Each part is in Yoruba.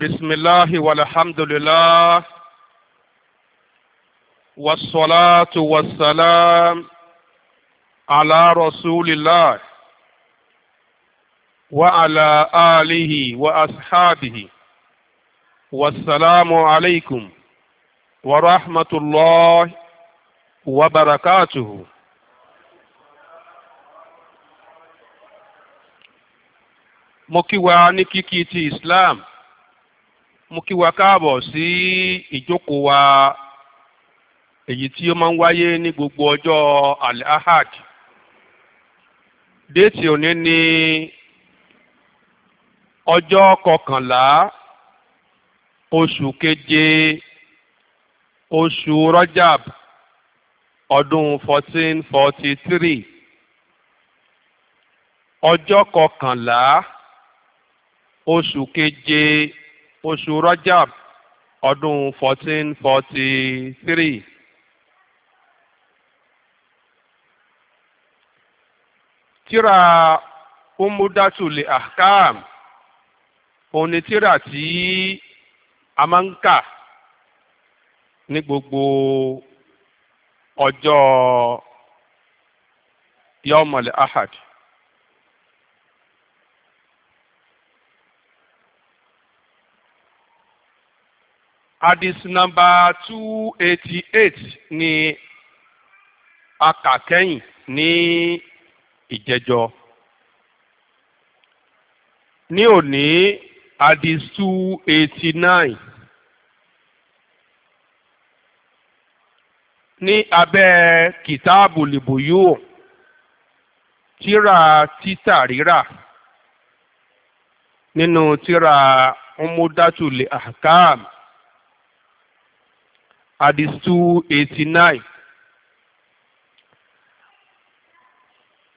بسم الله والحمد لله والصلاة والسلام على رسول الله وعلى آله وأصحابه والسلام عليكم ورحمة الله وبركاته مكي kí wa mo kí wa káàbọ̀ sí ìjókòó wa èyí tí ó máa ń wáyé ní gbogbo ọjọ́ al-ahad déètì òní ní ọjọ́ kọkànlá oṣù keje oṣù rajab ọdún fourteen forty three ọjọ́ kọkànlá oṣù keje oṣù Rajab ọdún fourteen forty three. tíra umudatul ahkam òun ni tíra tí a máa ń kà ní gbogbo ọjọ́ yọmọlẹ ahad. hadith number two eighty eight ni a kà kẹ́yìn ní ìjẹ́jọ́ ní òní hadith two eighty nine ní abẹ́ kìtáàbù lìbòyò tíra títà rírà nínú tíra ọmọdátù lè àkàmù hadith two eighty nine.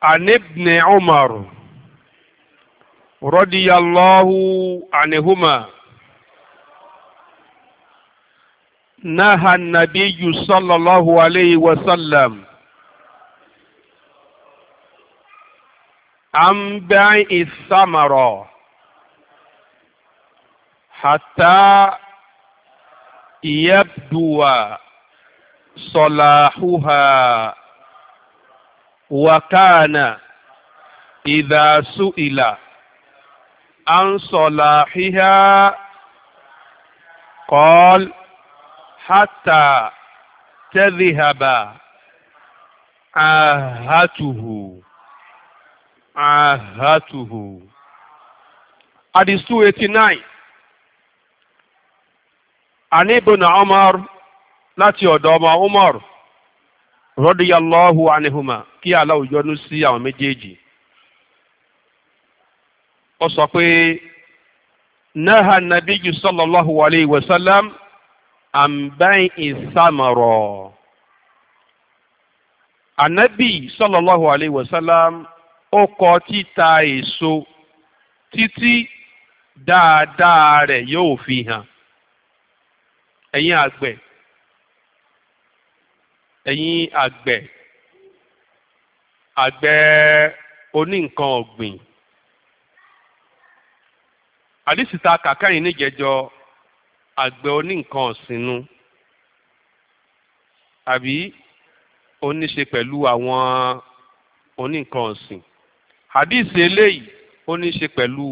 عن ابن عمر رضي الله عنهما نهى النبي صلى الله عليه وسلم عن بيع الثمرة حتى يبدو صلاحها وكان إذا سئل عن صلاحها قال حتى تذهب عاهته عاهته Hadith 289 anibuna na láti ọ̀dọ̀ ọmọ Umar rọ́díyàlọ́hù anihuma kí Allah yọ́nú sí àwọn méjèèjì ó sọ pé náà sallallahu alayhi wa sallam àǹbáyìn ìsàmọ̀rọ̀ ànábì sallallahu alayhi wa sallam ó kọ̀ títa èso títí dáadáa rẹ̀ fi ẹ̀yin àgbẹ̀ ẹ̀yin àgbẹ̀ àgbẹ̀ oní nǹkan ọ̀gbìn àdìsíta kàkàyìn níjẹjọ àgbẹ̀ oní nǹkan ọ̀sìnnu àbí ó ní ṣe pẹ̀lú àwọn oní nǹkan ọ̀sìn àdìsí eléyìí ó ní ṣe pẹ̀lú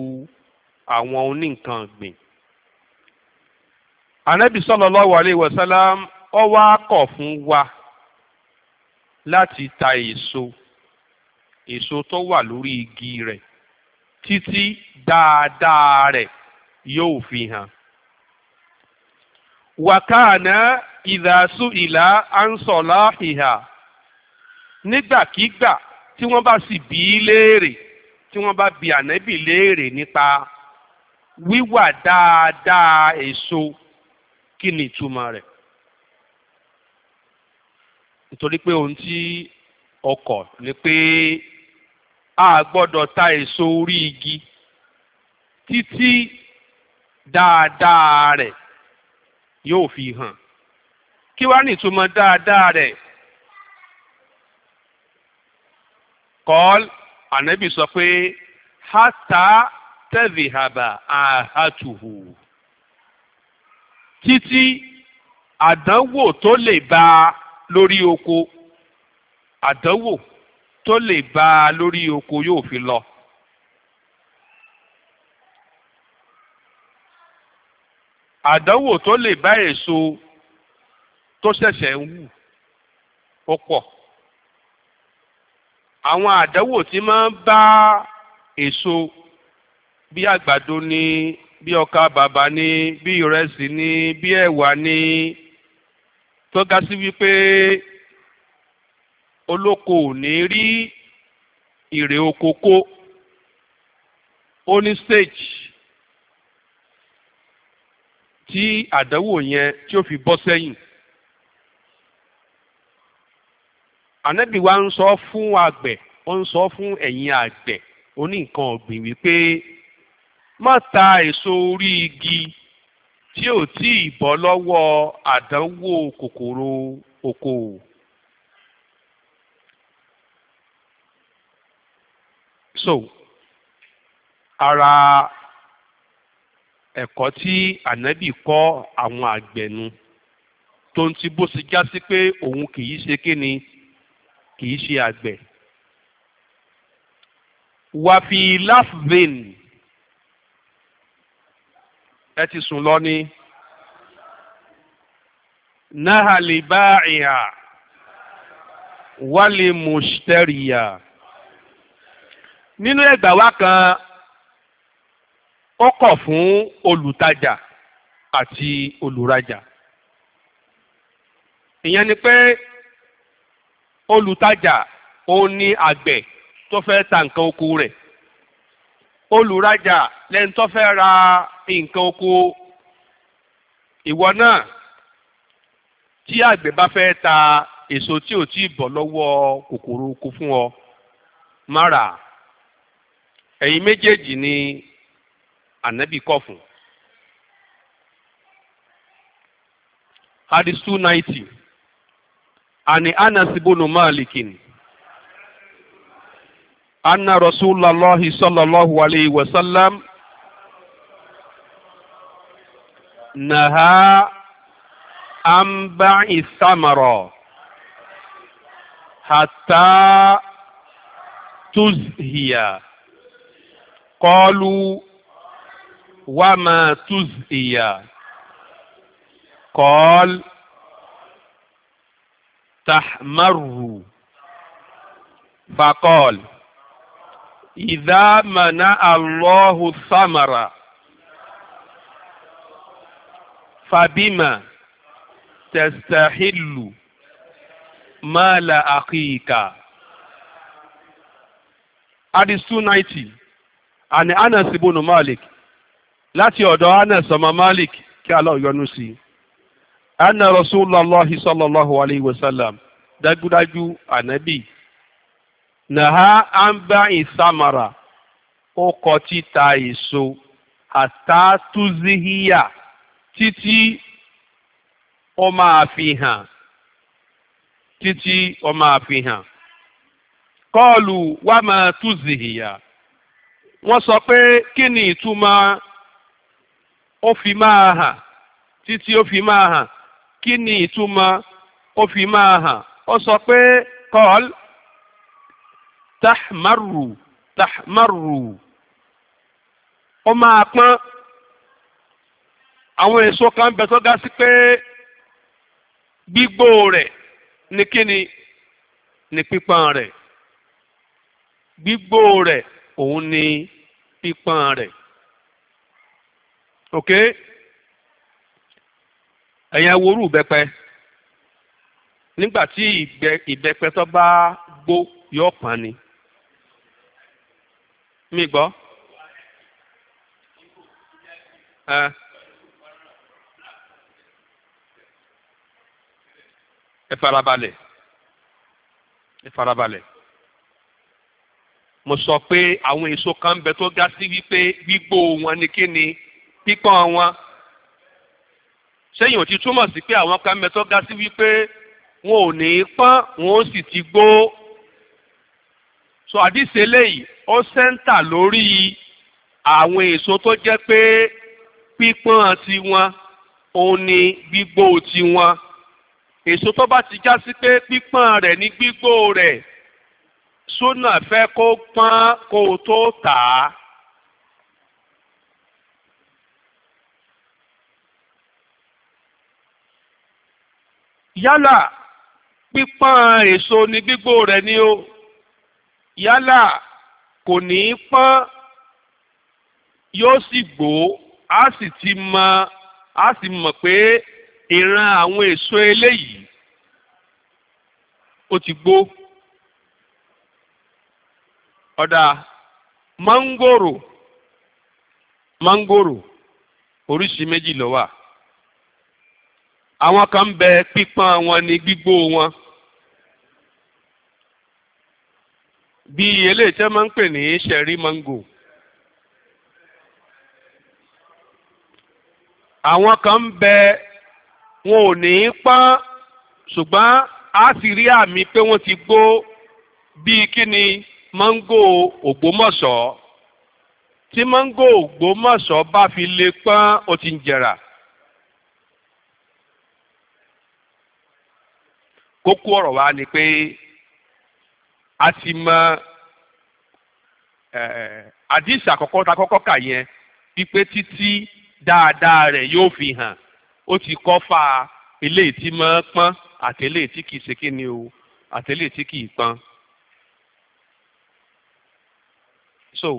àwọn oní ọ̀gbìn anabi sallallahu alayhi wa sallam ó wá kọ̀ fún wa láti ta èso èso tó wà lórí igi rẹ̀ títí dáadáa rẹ̀ yóò fi hàn. wàkàánà ìdásù ìlà ansọ̀lá ìhà nígbàkigbà tí wọ́n bá sì bí í léèrè tí wọ́n bá bi ànábì léèrè nípa wíwà dáadáa èso. E kí ni ìtumọ̀ rẹ̀ nítorí pé ohun tí ọkọ̀ ni pé a gbọ́dọ̀ ta èso orí igi títí dáadáa rẹ̀ yóò fi hàn kí wá ní ìtumọ̀ dáadáa rẹ̀ kọ́l ànábì sọ pé hátà tẹ̀vìhàbà àhàtùhù títí àdánwò tó lè bá a lórí oko àdánwò tó lè bá a lórí oko yóò fi lọ. àdánwò tó lè bá èso tó ṣẹ̀ṣẹ̀ ń wù ó pọ̀ àwọn àdánwò tí máa ń bá èso bí àgbàdo ní bí ọkà bàbà ni bí ìrẹsì ni bí ẹ̀wà ni tó ga sí wípé olóko ò ní rí ìrè oko kó ó ní stage tí àdánwò yẹn tí ó fi bọ́ sẹ́yìn. ànábì wa ń sọ fún àgbẹ̀ ó ń sọ fún ẹ̀yin àgbẹ̀ oní nǹkan ọ̀gbìn wípé má ta èso orí igi tí ò tí ì bọ́ lọ́wọ́ àdánwò kòkòrò oko. so ara ẹ̀kọ́ tí ànábì kọ́ àwọn àgbẹ̀nu tó ń ti bó ṣe já sí pé òun kì í ṣe kíni kì í ṣe àgbẹ̀. wàfi láfvin. ẹ ti sùn lọ ni nahali báyà wálé mùsítẹ́rìyà nínú ẹgbà wa kan ó kọ̀ fún olùtajà àti olùrajà ìyẹn ni pé olùtajà ó ní àgbẹ̀ tó fẹ́ ta nǹkan oko rẹ̀ olùrajà lẹ́ni tó fẹ́ ra nǹkan oko ìwọ náà tí àgbẹ̀ bá fẹ́ ta èso tí ò tí bọ̀ lọ́wọ́ kòkòrò oko fún ọ má rà ẹ̀yin méjèèjì ni ànábì kọ̀ fún. ani anas ibn anna sallallahu wa sallam. نهى أنبع الثمرة حتى تزهي قالوا وما تزهي قال تحمر فقال إذا منع الله الثمرة fabima testahilu mala akika. Hadis 290 àní Anas ibùnú Malik láti ọ̀dọ̀ Anas ọmọ Malik kí Allah yọ́nú sí i. Anna Rasulullah sallallahu alayhi wa sallam dájúdájú ànábì. Nàá àǹbá ìsámara ó kọ títa èso àtàtúzíhíyà títí ó máa fi hàn títí ó máa fi hàn kọ́ọ̀lù wá máa tú zìhìyà wọ́n sọ pé kí ni ìtumọ̀ ó fi máa hàn títí ó fi máa hàn kí ni ìtumọ̀ ó fi máa hàn ó sọ pé kọ́ọ̀lù tahmaru tahmaru ó máa pọ́n àwọn èso kan bẹ tó ga sí pé gbígbó rẹ̀ ní kíni ní pípọ́n rẹ̀ gbígbó rẹ̀ òun ni pípọ́n rẹ̀ ok ẹ̀yin aworu ìbẹ́pẹ nígbà tí ìbẹ́pẹ tó bá gbó yóò pọ́n ni mi gbọ́. ẹ farabalẹ̀ ẹ farabalẹ̀ mo sọ pé àwọn èso kan ń bẹ tó ga sí wípé gbígbó wọn ni kí ni pípọ́n wọn sẹ́yìn ò ti túmọ̀ sí pé àwọn kan ń bẹ tó ga sí wípé wọn ò ní í pọ́n wọn ó sì ti gbó so àdìsí eléyìí ó sẹ́ńtà lórí àwọn èso tó jẹ́ pé pípọ́n tiwọn òun ni gbígbó tiwọn èso tó bá ti já sí pé pípọ́n rẹ̀ ní gbígbó rẹ̀ súnà fẹ́ kó pọ́n kó o tó tà á. yálà pípọ́n èso ní gbígbó rẹ̀ ni o yálà kò ní í pọ́n yóò sì gbó a sì ti mọ̀ a sì mọ̀ pé ìran àwọn èso eléyìí ó ti gbó ọ̀dà Mangoro, Mangoro, oríṣi méjì ló wà àwọn kan ń bẹ pípọ́n wọn ní gbígbó wọn bí eléyìí tẹ́ máa ń pè ní ṣẹ̀rí Mango. àwọn kan ń bẹ wọn ò ní í pan! ṣùgbọ́n a sì rí àmì pé wọ́n ti gbó bíi kí ni máńgò ògbómọ̀ṣọ́ tí máńgò ògbómọ̀ṣọ́ bá fi lè pan! ó ti ń jẹrà. kókó ọ̀rọ̀ wa ni pé a ti mọ àdìsí àkọ́kọ́ ta kọ́kọ́ kà yẹn wípé títí dáadáa rẹ̀ yóò fi hàn. ó ti kọ́fà eléyìí tí máa pọ́n àtẹ̀lé tí sekini ṣe kí ni o àtẹ̀lé tí kìí pọ́n. so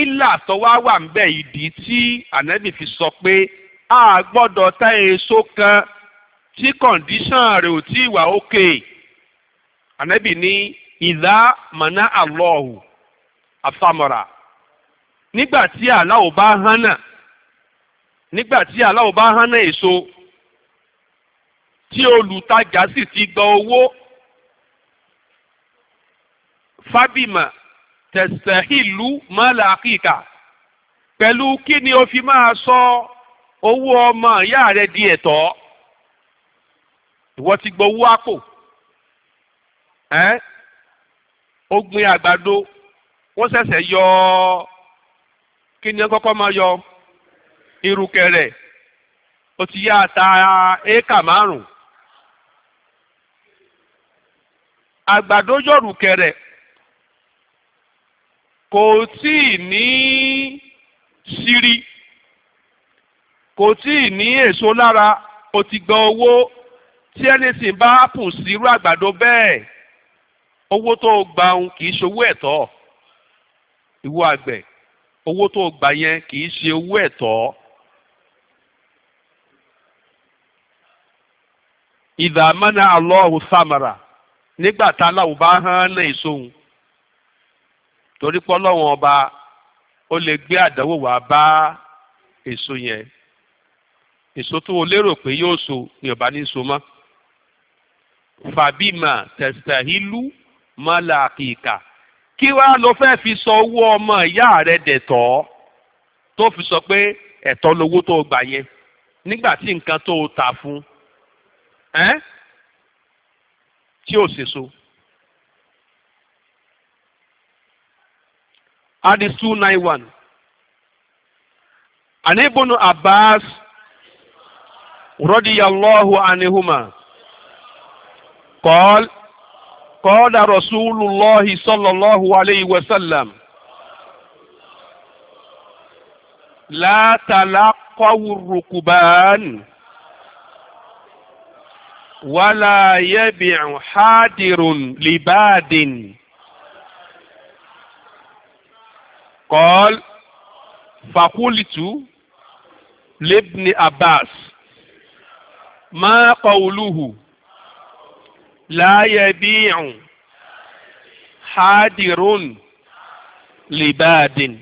ńlá tó wá wà ń bẹ̀ ìdí tí fi sọ pé a gbọ́dọ̀ ta èso kan tí kọ̀ǹdíṣàn rẹ̀ ò tí ì wà ókè ànábì ní ìdá mọ̀nà àlọ́ọ̀hù àfàmọ̀rà nígbà tí nígbà tí aláwo bá hánà èso tí olùtajà sì ti gba owó fábìmà tẹ̀sẹ̀hìlú mọ́làkìkà pẹ̀lú kí ni o fi máa sọ owó ọmọ ìyá rẹ di ẹ̀tọ́ ìwọ ti gbowó àpò ẹ́ àgbàdo wọ́n ṣẹ̀ṣẹ̀ yọ kí ni kọ́kọ́ máa yọ ìrùkẹ̀rẹ̀ ó ti yá ata éékà márùn àgbàdo yọ̀rù kẹrẹ̀ kò tí ì ní sírí kò tí ì ní èso lára ó ti gba owó tí ẹni sì bá pù sírú àgbàdo bẹ́ẹ̀ owó tó gba òun kì í ṣowó ẹ̀tọ́ ìwọ àgbẹ̀ owó tó gbà yẹn kì í ṣe owó ẹ̀tọ́. ìdá mánà Allahu samara nígbà tá aláwo bá hán náà ìsóhun torí pọ́lọ́wọ́n ọba ó lè gbé àdánwò wá bá èso yẹn èso tó o lérò pé yóò so ni ọba ní so mọ́ fàbímà tẹ̀sítàhílù mọ́làkìkà kí wàá lọ fẹ́ fi sọ owó ọmọ ìyá rẹ dẹ̀tọ́ tó fi sọ pé ẹ̀tọ́ lowó tó gbà yẹn nígbà tí nǹkan tó o tà fún un ẹ́ tí ò sèso. Adi two nine one. Anibunu Abbas radiyallahu anihuma. قال قال رسول الله صلى الله عليه وسلم لا تلقوا wala yabi'u hadirun libadin qal fakultu libni abbas ma qawluhu la yabi'u hadirun libadin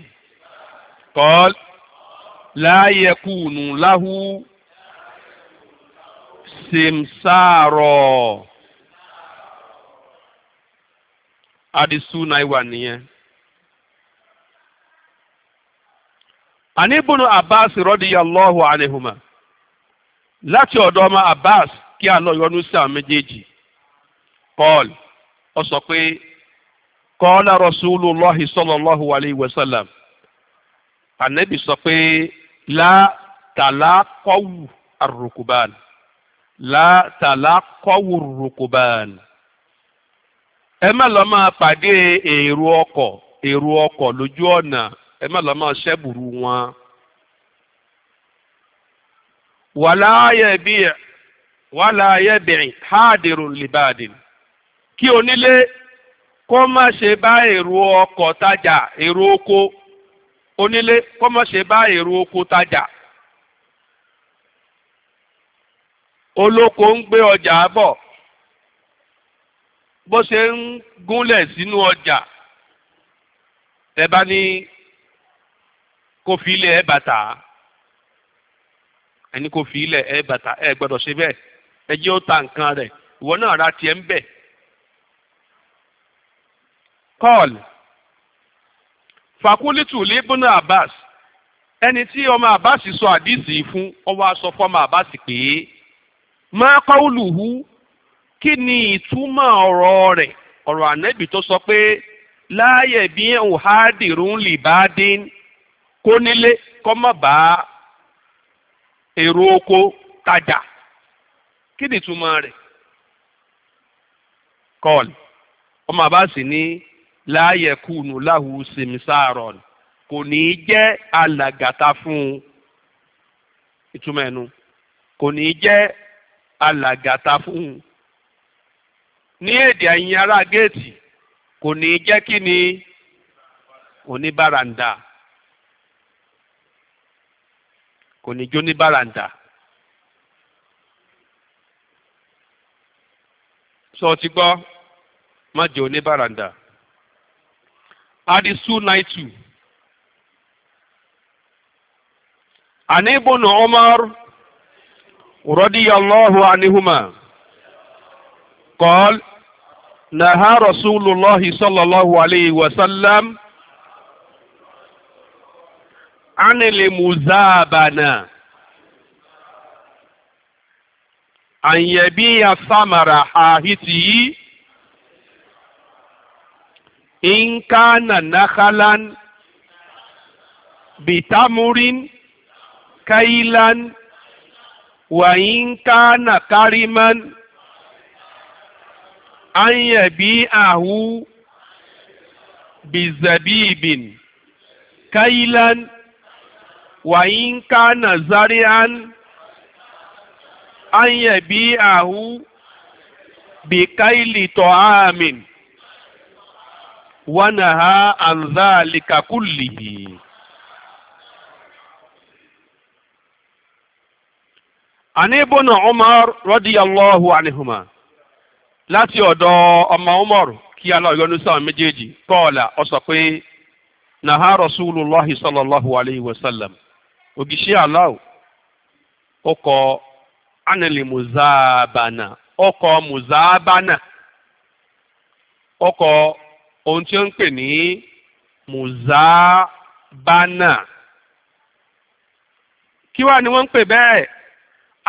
qal la yakunu lahu simsaro adisu naiwa nìyẹn. àní ibùnú abbas radiyallahu anihuma láti ọ̀dọ̀ ọmọ abbas kí àlọ́ yọ́nú sí àwọn méjèèjì paul ó sọ pé kọ́lá rasulullahi sallallahu alayhi wa sallam ànábì sọ pé la tàlákọ́wù arrukuban la talakọwù rukuban ẹ má lọ máa pàdé èrò ọkọ̀ èrò ọkọ̀ lójú ọ̀nà ẹ má lọ máa ṣẹ́bùrú wọn. wàlá ayẹ̀bí wàlá ayẹ̀bìrì háàdìrún libadin kí onílé kó má ṣe bá èrò ọkọ̀ tajà èrò oko onílé kó má ṣe bá eru oko tajà Oloko ń gbé ọjà bọ̀ bó ṣe ń gúnlẹ̀ sínú ọjà tẹ́ bá ní kó fi ilẹ̀ ẹ bàtà ẹni kó fi ilẹ̀ ẹ bàtà ẹ gbọ́dọ̀ ṣe bẹ́ẹ̀ ẹ ó ta nǹkan rẹ̀ ìwọ náà ra tiẹ̀ ń bẹ̀. Paul fakulitu libuna Abbas ẹni tí ọmọ Abbas sọ àdìsí fún ó wá fọmọ Abbas pé máa kọ́wùlùhù kí ni ìtumọ̀ ọ̀rọ̀ rẹ̀ ọ̀rọ̀ ànẹ́bì tó sọ pé láàyè bí ọ̀hádìrún lè bá dín kó nílé kọ́ má bá èrò oko tajà kí ni ìtumọ̀ rẹ̀ kọ́ọ̀lù ọmọ àbá sì ní láàyè kùnú láhù sèmísàárọ̀ kò ní í jẹ́ alàgàtà fún un ìtumọ̀ ẹnu kò ní í jẹ́ alàgàtà fún un ní èdè ẹ̀yìn ará géètì kò ní jẹ́ kí ni oníbàràǹdà kò ní jó sọ sọ ti gbọ́ má jẹ́ oní adisu naitu anibunu رضي الله عنهما قال نهى رسول الله صلى الله عليه وسلم عن المزابنة أن يبيع ثمر حاهته إن كان نخلا بتمر كيلا wàyín kánà kárímán ayẹ̀bí àhú bizabibin kailan wàyín kánà zarian ayẹ̀bí àhú bikaili tọ́hámin wọnà ha àǹzá àlìkàkùlìhì. àní ibùnà Umar radiyallahu anihuma láti ọ̀dọ̀ ọmọ lati kí Allah yọ́nú méjèèjì kọ́ọ̀là ó sọ pé nàhá rasulullahi sallallahu alayhi wa sallam ògìṣẹ́ Allah ó kọ anìlì mùzáàbànà ó kọ mùzáàbànà ó kọ ohun tí ó ń pè ní kí wàá ni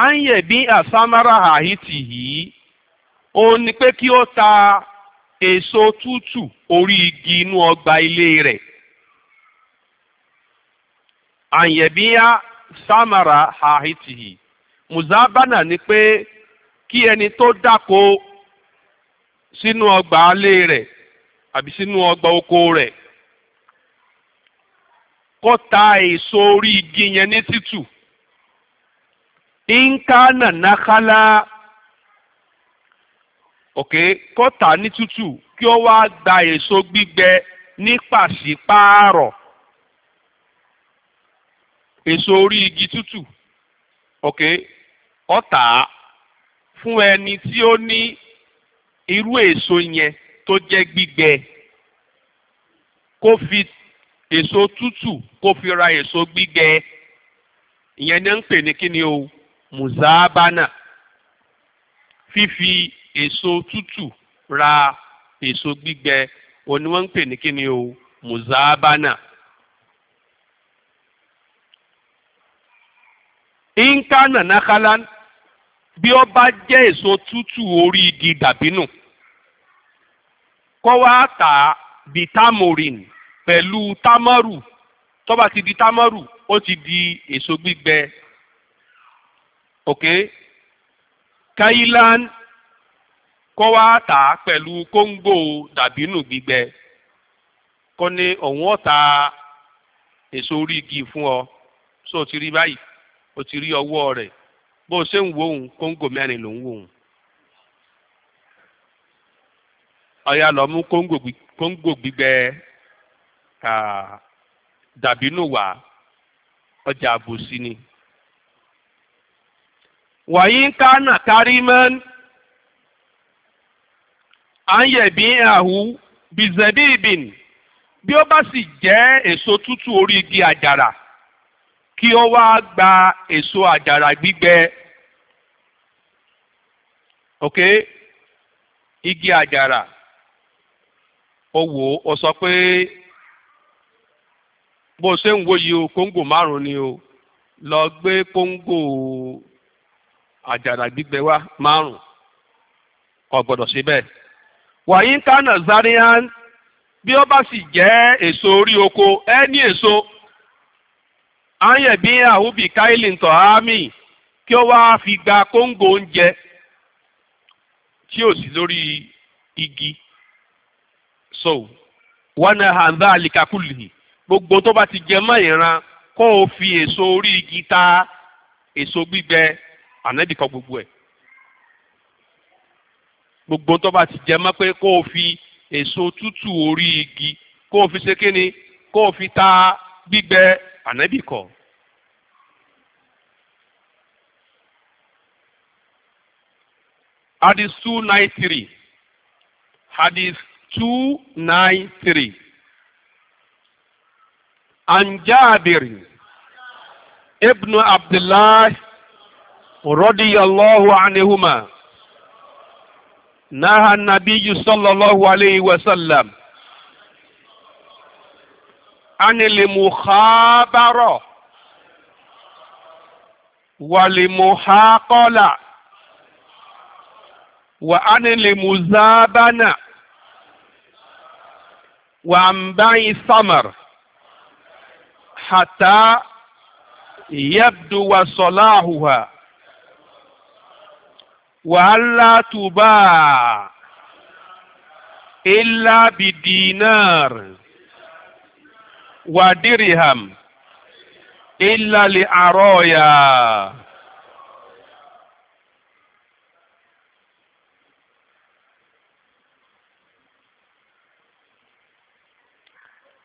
ányẹ̀bí àsámárà àhítì yìí òun ni pé kí ó ta èso tútù orí igi inú ọgbà ilé rẹ̀ àyẹ̀bí àsámárà àhítì yìí mùsàbánà ni pé kí ẹni tó dáko sínú ọgbà alé rẹ̀ àbí sínú ọgbà oko rẹ̀ kó ta èso orí igi yẹn ní títù. nkánà nakala òkè kọta ní tútù kí ó wá gba èso gbígbẹ ní pàṣípààrọ̀ eso ori igi tutu òkè ọta fun ẹni ti o ni iru eso yẹn to je gbigbe ko fi eso tutu ko fi ra eso gbigbe ìyẹn ni ń pè ní kíni o. muzabana fífi èso tútù ra èso gbígbẹ òun ni wọ́n ń pè ní kíni o muzabana. inkana nakalan bí ó bá jẹ́ èso tútù orí igi dàbínù kó wá tà á bí tamorin pẹ̀lú tamaru tó bá ti di tamaru ó ti di èso gbígbẹ ok kailan kó wá tà á pẹ̀lú kóńgò dàbínù gbígbẹ kó ní òun ọ̀tá èso orí igi fún ọ so ti rí báyìí o ti rí ọwọ rẹ̀ bó o ṣe ń wo òun kóńgò mẹ́rin ló ń wo òun. ọ̀yà lọ mú kóńgò gbígbẹ dàbínù wá ọjà àbòsí ni. wàyí ń kánà kárí mẹ́n à ń yẹ̀bí àhú bí ó bá sì jẹ́ èso tútù orí igi àjàrà kí ó wá gba èso àjàrà gbígbẹ ok igi àjàrà ó wò ó sọ pé bó o ṣe ń wo o kóńgò márùn ni o lọ gbé kóńgò àjàrà gbígbẹ marun márùn kò gbọ́dọ̀ ṣe bẹ́ẹ̀. wàyí ń kánà zarihan bí ó bá sì jẹ́ èso orí oko ẹni èso ayẹ̀bí àhúbì káìlìn tọ̀hámì kí ó wá fi gba kóńgò oúnjẹ tí ò sí lórí igi so wọn náà hàn dá àlìkàkùlì gbogbo tó bá ti jẹ mọ́ ìran kó o fi èso orí igi ta èso gbígbẹ ànábì kọ gbogbo ẹ̀ gbogbo tó bá ti jẹ mọ́ pé kó o fi èso tútù orí igi kó o fi ṣe kíni kó o fi ta gbígbẹ ànábì kọ. hadith two nine three hadith two nine three an ibnu abdullah رضي الله عنهما نهى النبي صلى الله عليه وسلم عن المخابرة والمحاقلة وعن المزابنة وعن بيع الثمر حتى يبدو صلاحها wàhálà tùbà ilà bidinar wàdírìhàm ilà lè àrọ́ọ̀yà.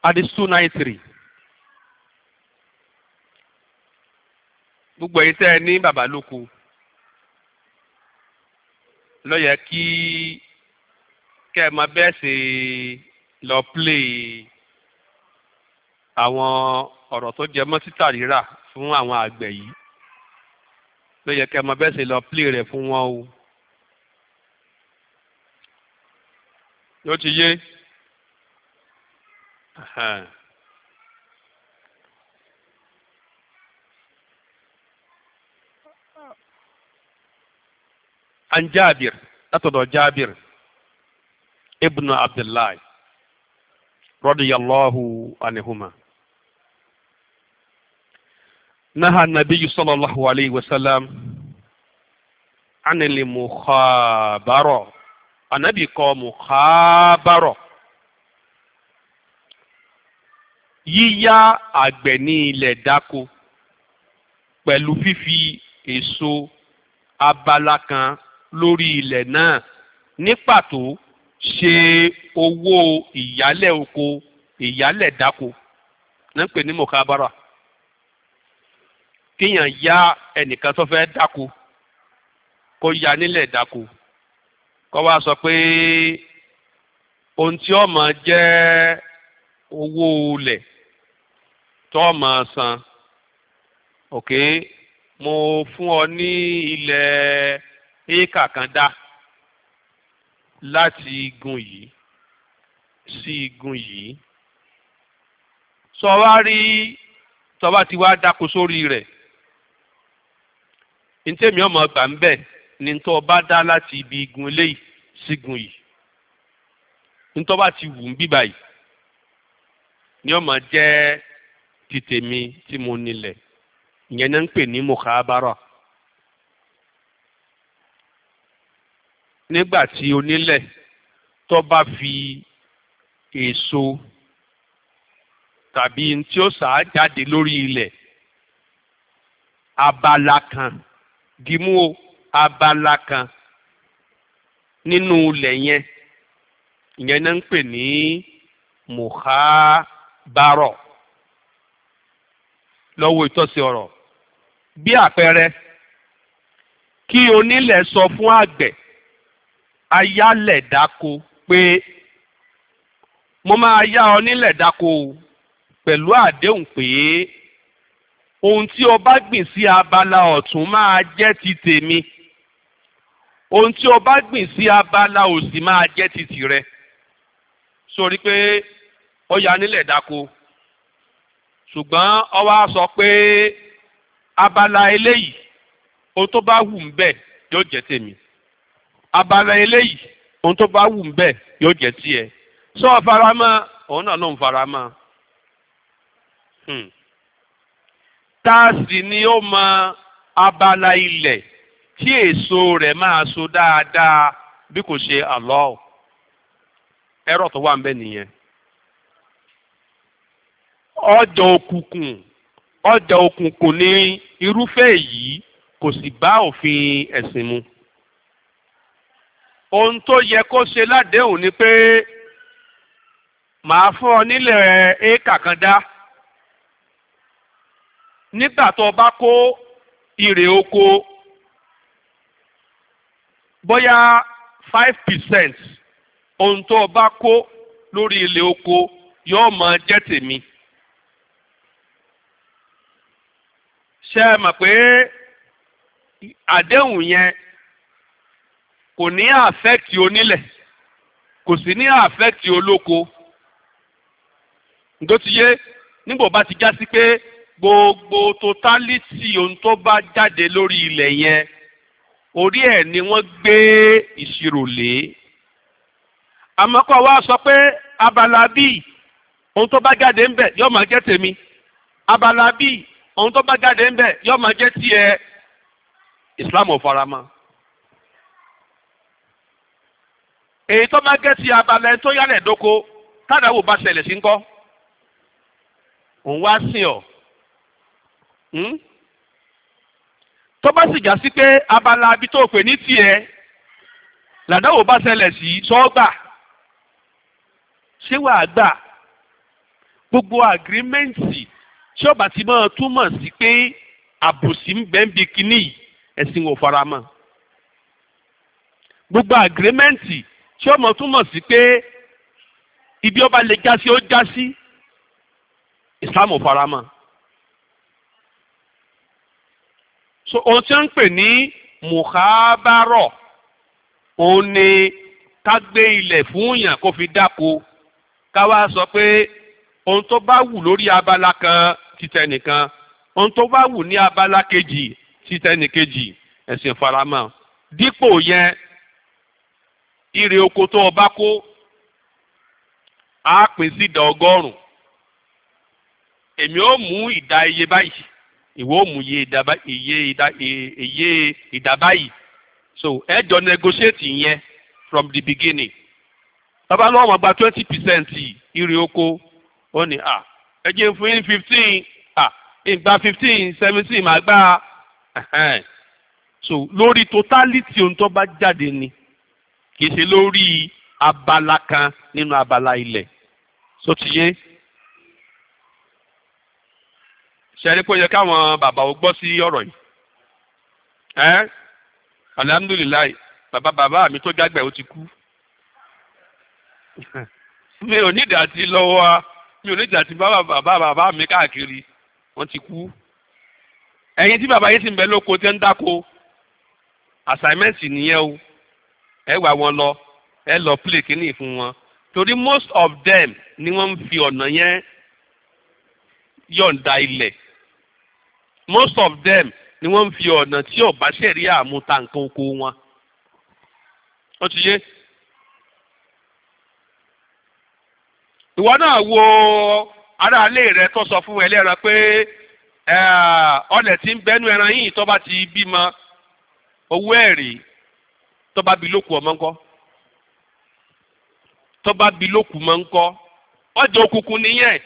Hadith 293. Gbogbo èyí tẹ́ ẹ ní bàbá lóko ló yẹ kí kẹ́ ẹ mọ bẹ́ẹ̀ ṣe lọ play àwọn ọ̀rọ̀ tó jẹ mọ́ títà rírà fún àwọn àgbẹ̀ yìí ló yẹ kẹ́ ẹ bẹ́ẹ̀ ṣe lọ play rẹ̀ fún wọn o. ló ti yé. an jaabir látọ̀dọ̀ jaabir ibnu abdullahi radiyallahu anihuma. نهى النبي صلى الله عليه وسلم عن المخابرة النبي قال مخابرة yíyá àgbẹ̀ ní ilẹ̀ dáko pẹ̀lú fífi èso abala kan lórí ilẹ̀ náà ní pàtó ṣe owó ìyálẹ̀ oko ìyálẹ̀ dáko náà pè ní mọ̀kábárà kéèyàn yá ẹnìkan tó fẹ́ dáko kó ya nílẹ̀ dáko kó wá sọ pé ohun tí ó máa jẹ́ owó ilẹ̀ tó máa san òkè mo fún ọ ní ilẹ̀ éékà kan dá láti igun yìí sí igun yìí sọ wá rí tọba ti wá dáko sórí rẹ̀ ntẹ́mi ọmọ gbà ń bẹ̀ ni ntọ́ bá dá láti ibi igun eléyìí sígun yìí ntọ́ bá ti wù ń bíbà yìí ni ọmọ jẹ́ tìtèmi tí mo nílẹ̀ ìyẹn náà ń pè ní mọ̀kábárà. nígbà tí onílẹ̀ tó bá fi èso tàbí tí ó sà á jáde lórí ilẹ̀ abala kan gímú o abala kan nínú ilẹ̀ yẹn ìyẹn náà ń pè ní mùhábárọ̀ lọ́wọ́ ìtọ́sí ọ̀rọ̀ bí àpẹẹrẹ kí onílẹ̀ sọ fún àgbẹ̀ ayálẹ̀dáko pé mo máa yá ọ nílẹ̀dáko pẹ̀lú àdéhùn pé ohun tí o bá gbìn sí abala ọ̀tún máa jẹ́ ti tèmi ohun tí o bá gbìn sí abala òsì máa jẹ́ ti tìrẹ sórí pé ó yá nílẹ̀dáko ṣùgbọ́n ó wá sọ pé abala eléyìí ohun tó bá wù ń bẹ̀ yóò jẹ́ tèmi abala eleyi ohun tó bá wù ń bẹ̀ yóò jẹ́ tiẹ̀ sọ faramọ́ òun náà ló ń faramọ́ hmm. táàsì ni ó mọ abala ilẹ̀ tí èso rẹ̀ máa so dáadáa bí kò ṣe àlọ́ ẹ̀rọ tó wà ń bẹ̀ nìyẹn ọjà òkùnkùn ọjà òkùnkùn ni irúfẹ́ yìí kò sì bá òfin ẹ̀sìn mu. ohun tó yẹ kó ṣe ládéhùn ni pé màá fún ọ nílẹ̀ éèkà kan dá nígbà tó o bá kó ìrè oko bóyá five percent ohun tó o bá kó lórí ilẹ̀ oko yóò máa jẹ́ tèmi. ṣé ẹ mọ̀ pé àdéhùn yẹn kò ní àfẹ́ẹ̀tì onílẹ̀ kò sí ní àfẹ́ẹ̀tì olóko ǹdó ti yé nígbà bá ti já sí pé gbogbo totality ohun tó bá jáde lórí ilẹ̀ yẹn orí ẹ̀ ni wọ́n gbé ìṣirò lé àmọ́ wa sọ pé abala bíi ohun tó bá jáde ń bẹ̀ yóò máa jẹ́ tèmi abala bíi ohun tó bá jáde ń bẹ̀ yóò máa jẹ́ tiẹ̀ Islam ò faramọ́. èyí tó bá gẹ́ ti abalẹ̀ tó yálẹ̀ dóko tádàwò bá ṣẹlẹ̀ sí ńkọ́ òun wá sìn ọ́ hmm? tó bá sì já sí pé abala abi tó pè ní tiẹ̀ làdáwò bá ṣẹlẹ̀ sí sọ́ọ́gbà ṣé wàá gbà gbogbo àgírímẹ́ǹtì tí ọba ti máa túmọ̀ sí pé àbòsí ń bẹ ń bi kínní ẹ̀sìn ò gbogbo àgírímẹ́ǹtì tí ọmọ túmọ̀ sí pé ibi ọba lè já sí ó já sí ìsìlámù faramọ́. so ohun tí wọ́n ń pè ní muhabaro òun ni ká gbé ilẹ̀ fún yàn kó fi dáko ká wá sọ pé ohun tó bá wù lórí abala kan ti tẹnìkan ohun tó bá wù ní abala kejì ti tẹnìkejì ẹ̀sìn faramọ́ dípò yẹn ire oko tó o kó a pè sí ìdá ọgọ́rùn-ún èmi ó mú ìdá iye báyìí ìwọ ó mú iye ìdá iye ìdá iye ìdá báyìí so ẹ jọ negotiate yẹn from the beginning bàbá náà wọ́n gba twenty percent ire oko ó ní à ẹ jẹ́ fún yín fifteen à ìgbà fifteen seventeen màá gbà so lórí totality ohun tó bá jáde ni kì í ṣe lórí abala kan nínú abala ilẹ̀ só ti yé ṣẹ́rí pé ó yẹ káwọn bàbá ò gbọ́ sí ọ̀rọ̀ yìí ẹ́ alhamdulilayi bàbá bàbá mi tó jágbẹ̀ ó ti kú mi ò ní ìdàtí lọ́wọ́ a mi ò ní ìdàtí bàbá bàbá bàbá mi káàkiri wọ́n ti kú ẹ̀yin tí bàbá yìí ti ń bẹ lóko tẹ́ ń dáko assignment nìyẹn o ẹ wà wọn lọ ẹ lọ play kínní fún wọn torí most of them ni wọ́n ń fi ọ̀nà yẹn yọ̀ǹda ilẹ̀ most of them ni wọ́n ń fi ọ̀nà tí ò bá ṣẹ̀rí àmúta nǹkan oko wọn. ó ti yé ìwọ náà wo aráalé rẹ tó sọ fún ẹlẹ́ran pé ọlẹ̀ tí ń bẹ́nu ẹran yìí tó bá ti bímọ owó ẹ̀rí tọba bi ọmọ nkọ tọ́ba bi n'iye mọ́ ńkọ́ òkùnkùn nìyẹn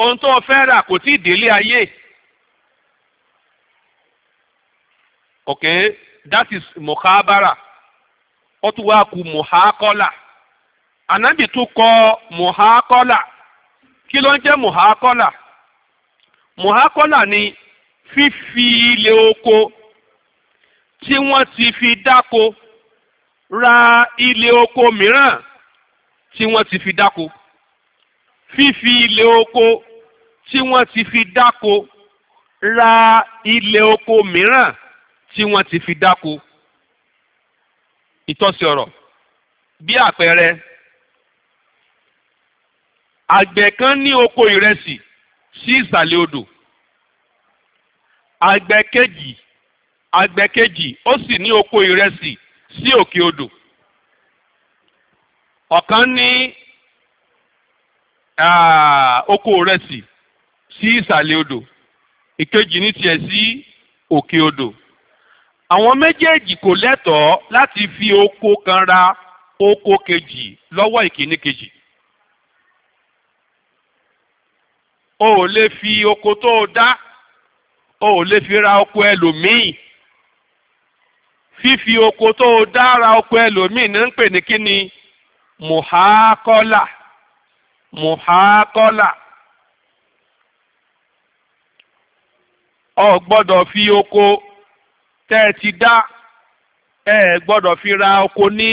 ohun tó o fẹ́ rà kò tí ì délé ayé ok that is muhabara ó tún wá ku muhakola anabi tún kọ muhakola kí ló ń jẹ́ muhakola muhakola ni fífi ilé oko tí wọ́n ti fi dáko ra ilé oko mìíràn tí wọ́n ti fi dáko fífi ilé oko tí wọ́n ti fi dáko ra ilé oko mìíràn tí wọ́n ti fi dáko ìtọ́sí ọ̀rọ̀ bí àpẹẹrẹ àgbẹ̀ kan ní oko ìrẹsì sí ìsàlẹ̀ odò àgbẹ̀ kejì àgbẹ̀ kejì ó sì ní oko ìrẹsì sí òkè odò ọ̀kan ní oko ìrẹsì sí ìsàlẹ̀ odò ìkejì ní tiẹ̀ sí òkè odò àwọn méjèèjì kò lẹ́tọ̀ọ́ láti fi oko kan ra oko kejì lọ́wọ́ ìkíní kejì. o ò lè fi oko tó o dá o ò lè fi ra oko ẹlòmíì fífi oko tó o dára oko ẹlòmíì ní ń pè ní kí ni muhakola muhakola ọ gbọ́dọ̀ fi oko tẹ ẹ ti dá ẹ gbọ́dọ̀ fi ra oko ní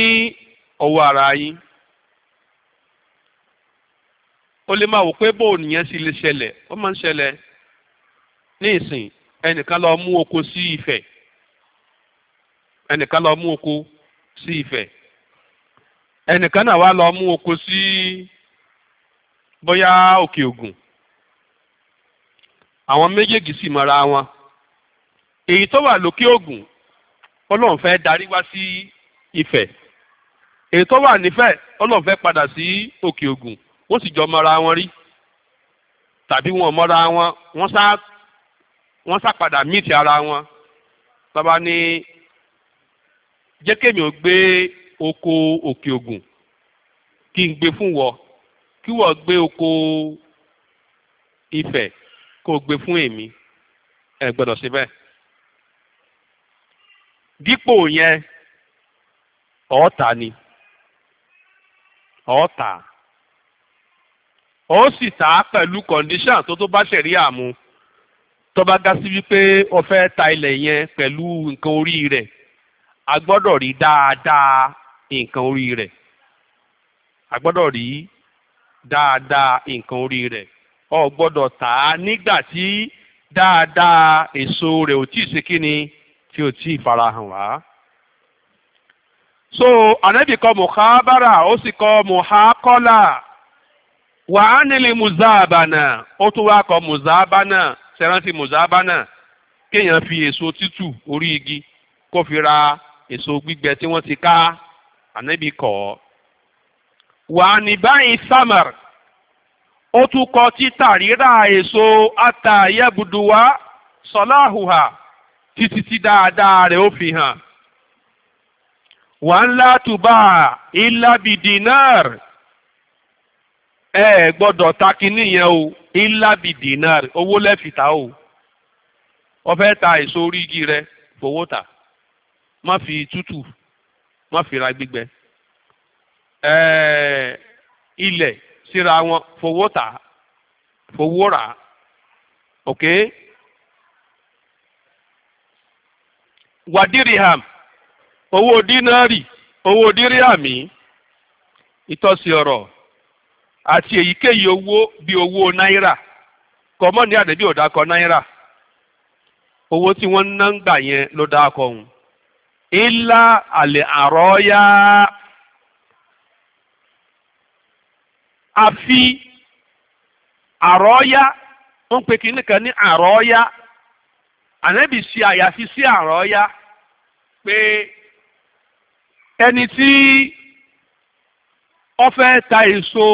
ọwọ ara yín ó lè máa wò pé bó nìyẹn sì lè ṣẹlẹ̀ ó máa ń ṣẹlẹ̀ ní ìsìn ẹnìkan lọ mú oko sí ife. Si ẹnìkan lọ mú oko sí ife ẹnìkan náà wá lọ mú oko sí bóyá Òkè Ògùn àwọn méjèèjì sì mọ̀ra wọn èyí tó wà lókè Ògùn Ọlọ́run fẹ́ darí wá sí Ifẹ̀ èyí tó wà nífẹ̀ Ọlọ́run fẹ́ padà sí Òkè Ògùn wọ́n sì jọ mọ̀ra wọn rí tàbí wọn mọ̀ra wọn wọ́n sá wọ́n sá padà míìtì ara wọn bàbá ní jẹ́ kémi ò gbé oko òkè ògùn kí n gbé fún wọ kí wọ́n gbé oko ifẹ̀ kó o gbé fún èmi ẹ gbọ́dọ̀ ṣe bẹ́ẹ̀. dípò yẹn ọ̀ọ́ta ni ọ̀ọ́ta ó sì tà á pẹ̀lú kọ̀ǹdíṣàn tó tó bá ṣẹ̀rí àmú tó bá gá sí wípé o fẹ́ ta ilẹ̀ yẹn pẹ̀lú nǹkan orí rẹ̀ a gbọ́dọ̀ rí dáadáa nǹkan orí rẹ̀ a gbọ́dọ̀ rí dáadáa nǹkan orí rẹ̀ ọ gbọ́dọ̀ tà á nígbà tí dáadáa èso rẹ̀ ò tí ì ṣe kíni tí ò tí ì farahàn wá. so ànábì kọ mùkábàrà ó sì kọ mùhákọ́là wà á nílé mùzáàbànà ó tún wá kọ mùzáàbànà ṣẹ́rántí mùzáàbànà kéèyàn fi èso tútù orí igi kó fi ra èso gbígbẹ tí wọ́n ti ká ànábì kọ̀ ọ́. wà á ní báyìí samar ó tún kọ títà rírà èso àtàyẹ̀bùdùwà sọláhùhà títí tí dáadáa rẹ̀ ó fi hàn. wà ńlá tùbà ìlàbìdínàr ẹ gbọ́dọ̀ ta kinní yẹn o ìlàbìdínàr owó lẹ́fìtà o ọ̀fẹ́ ta èso orí igi rẹ̀ fowó ta. má fi tútù má fi ra gbígbẹ ẹẹ ilẹ̀ síra wọn fowó tà fowó rà ok wadiriham owó dínárì owó díríàmì ìtọ́sí ọ̀rọ̀ àti èyíkéyìí owó bíi owó náírà kọ́mọ́nì àdébí ò dákọ náírà owó tí wọ́n ń ná ń gbà yẹn ló dákọ ọ̀hún. ilá àlè aroya afi aroya wọ́n pe kínní kan ní aroya ànábì ṣe àyàfi sí àrọ́yá pé ẹni tí ó fẹ́ ta èso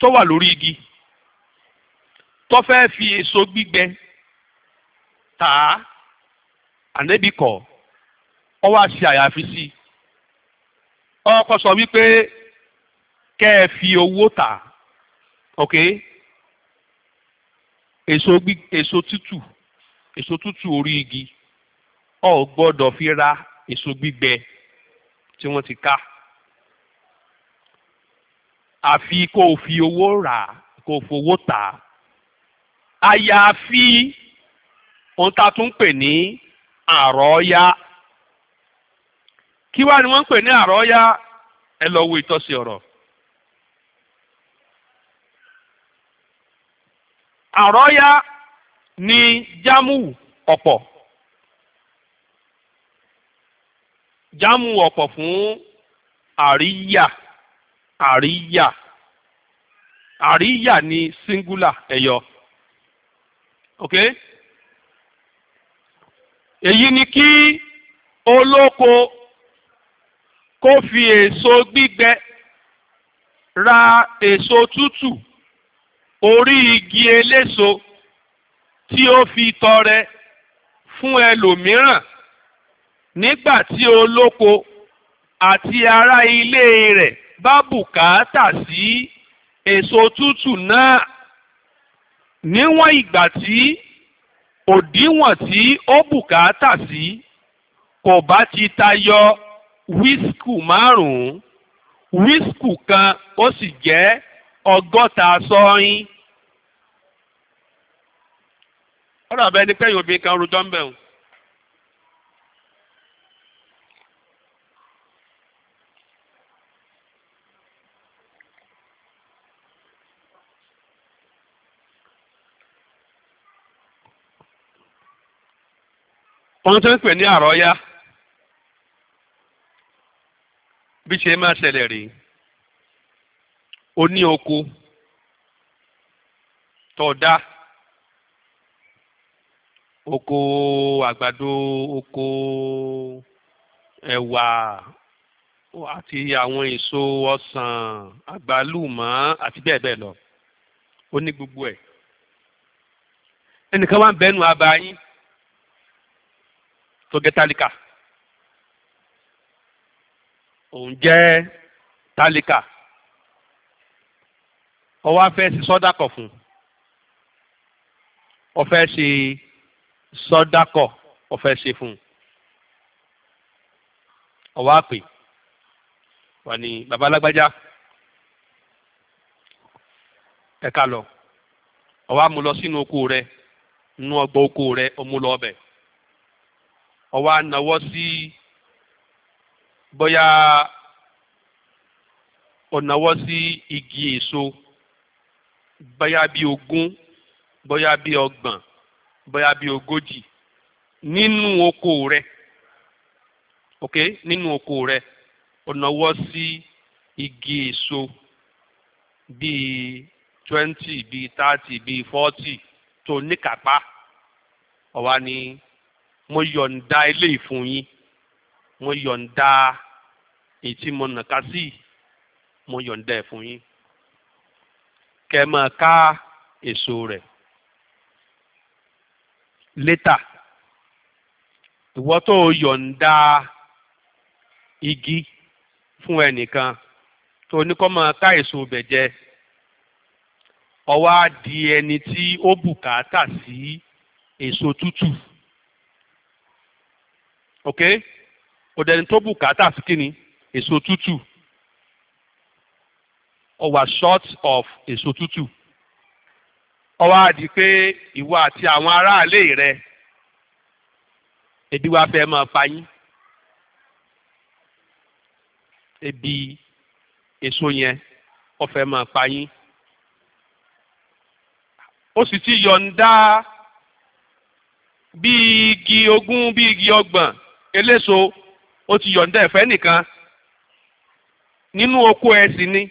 tó wà lórí igi tó fẹ́ fi èso gbígbẹ tà ànẹ́bí kọ̀ ọ wá ṣe àyàfi sí i ọkọ sọ wípé kẹ́ ẹ fi owó tà ok èso gbí èso tútù èso tútù orí igi ọ ò gbọ́dọ̀ fi ra èso gbígbẹ tí wọ́n ti ká àfi kó o fi owó rà kó o fowó tà àyàfi ohun tá a tún pè ní àrọ́ọ́yá kí wá ni wọ́n ń pè ní àrọ́ọ́yá ẹ lọ wo ìtọ́sí ọ̀rọ̀ àrọ́ọ́yá ni jámù ọ̀pọ̀ jámù ọ̀pọ̀ fún àríyá àríyá àríyá ni singular ẹ̀yọ Okay? èyí ni kí olóko kó fi èso gbígbẹ ra èso tútù orí igi eléso tí ó fi tọrẹ fún ẹlòmíràn nígbà tí olóko àti ará ilé rẹ̀ bá bùkátà sí èso tútù náà níwọ̀n ìgbà tí òdiwọ̀n tí ó bùkátà sí kò bá ti tayọ wíṣkù márùn-ún wíṣkù kan ó sì jẹ́ ọgọ́ta sọ́yìn. ọ̀rọ̀ abẹ́ni pẹ́yìn obìnrin kan rojọ́ ń bẹ̀rù. ohun tó ń pè ní àrọ́yá bí ṣe máa ṣẹlẹ̀ rèé o ní oko tó dá oko àgbàdo oko ẹ̀wà àti àwọn èso ọsàn àgbálùmọ́ àti bẹ́ẹ̀ bẹ́ẹ̀ lọ o gbogbo ẹ̀ ẹnìkan wá ń bẹnu aba tó jẹ́ tálíkà òun jẹ́ tálíkà ó wá fẹ́ ṣe sọ́dákọ̀ fún ó fẹ́ ṣe sọ́dákọ̀ ó fẹ́ ṣe fún ó wá pè wà ní bàbá alágbájá ẹ̀ka lọ ó wá mú lọ sínú oko rẹ̀ nínú ọgbà oko rẹ̀ ó mú lọ ọbẹ̀ ọwọ́ anáwọ́ sí bóyá ọ̀nàwọ́ sí igi èso bóyá bí ogún bóyá bí ọgbọ̀n bóyá bí ogójì nínú oko rẹ ok nínú oko rẹ ọ̀nàwọ́ sí igi èso bíi twenty bíi thirty bíi forty tó níkàpá ọ̀wá ni mo yọ̀ǹda eléyìí fún yín mo yọ̀ǹda èyí tí mo nàka sí mo yọ̀ǹda ẹ̀ fún yín kẹ́ ẹ máa ká èso rẹ̀ létà ìwọ tó yọ̀ǹda igi fún ẹnìkan tó ní kó máa ká èso bẹ̀ jẹ ó wá di ẹni tí ó bùkátà sí èso tútù ok ó dẹni tó bùkátà sí kíni èso tútù ó short of èso tútù ó wá di pé ìwọ àti àwọn aráàlé rẹ ebi wá fẹ́ máa pa yín ebi èso yẹn ó fẹ́ máa pa yín ó sì ti yọ̀ǹda bí igi ogún bí igi ọgbọ̀n eléso ó ti yọ̀ǹda ẹ̀fẹ́ nìkan nínú oko ẹ̀ sì ni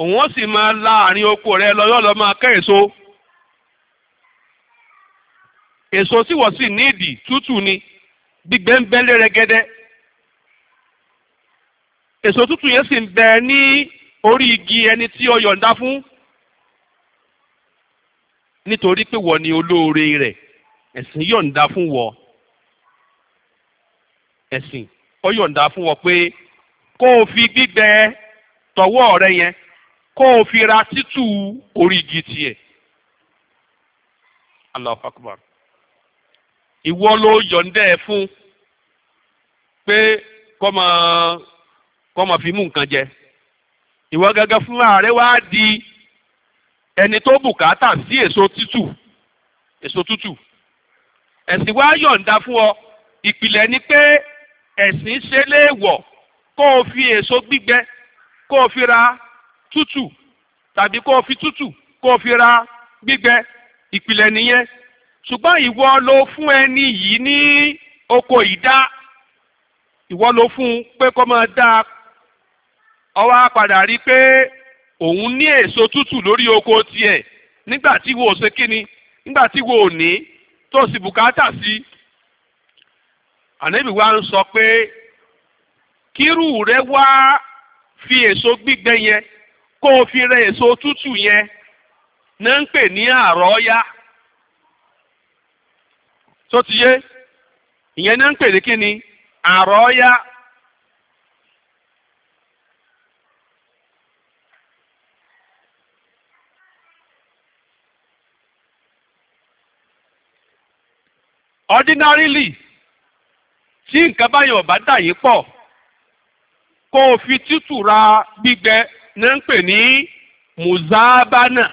òun ó sì máa láàrin oko rẹ̀ lọ́yọ́ lọ́ máa kẹ́ èso èso tí wọ́n sì nídìí tútù ni gbígbẹ́ ń bẹ́lẹ̀ rẹ́gẹ́dẹ́ èso tútù yẹn sì ń bẹ ní orí igi ẹni tí ó yọ̀ǹda fún nítorí pé wọ́n ni olóore rẹ̀ ẹ̀sìn yọ̀ǹda fún wọ́n. ẹ̀sìn ó yọ̀ǹda fún wọn pé kó o fi gbígbẹ tọwọ́ rẹ yẹn kó o fi ra títù orí igi tiẹ̀. Allahu Akbar ìwọ ló yọ̀ǹda ẹ̀ fún pé kọ́mọ kọ́mọ fi mú nǹkan jẹ ìwọ gẹ́gẹ́ fún ààrẹ wá di ẹni tó bùkátà sí èso tútù èso tútù ẹ̀sìn wá yọ̀ǹda fún ọ ìpìlẹ̀ ni pé ẹ̀sìn ṣe léèwọ̀ kó o fi èso gbígbẹ kó o fi ra tútù tàbí kó o fi tútù kó o fi ra gbígbẹ ìpìlẹ̀ nìyẹn ṣùgbọ́n ìwọ ló fún ẹni yìí ní oko ìdá ìwọ ló fún un pé kó máa dá ọ wá padà rí i pé òun ní èso tútù lórí oko tiẹ̀ nígbà tí wo ò ṣe kíni nígbà tí wo ò ní tó sì bùkátà sí i. ànábì wa ń sọ pé kírú rẹ wá fi èso gbígbẹ yẹn kó o fi rẹ èso tútù yẹn ní ń pè ní àrọ́yá tó ti yé ìyẹn ní ń pè ní kíni àrọ́yá. ordinarily tí nǹkan báyọ̀ bá dà yín pọ̀ kó o fi tútù ra gbígbẹ ní ń pè ní muzabana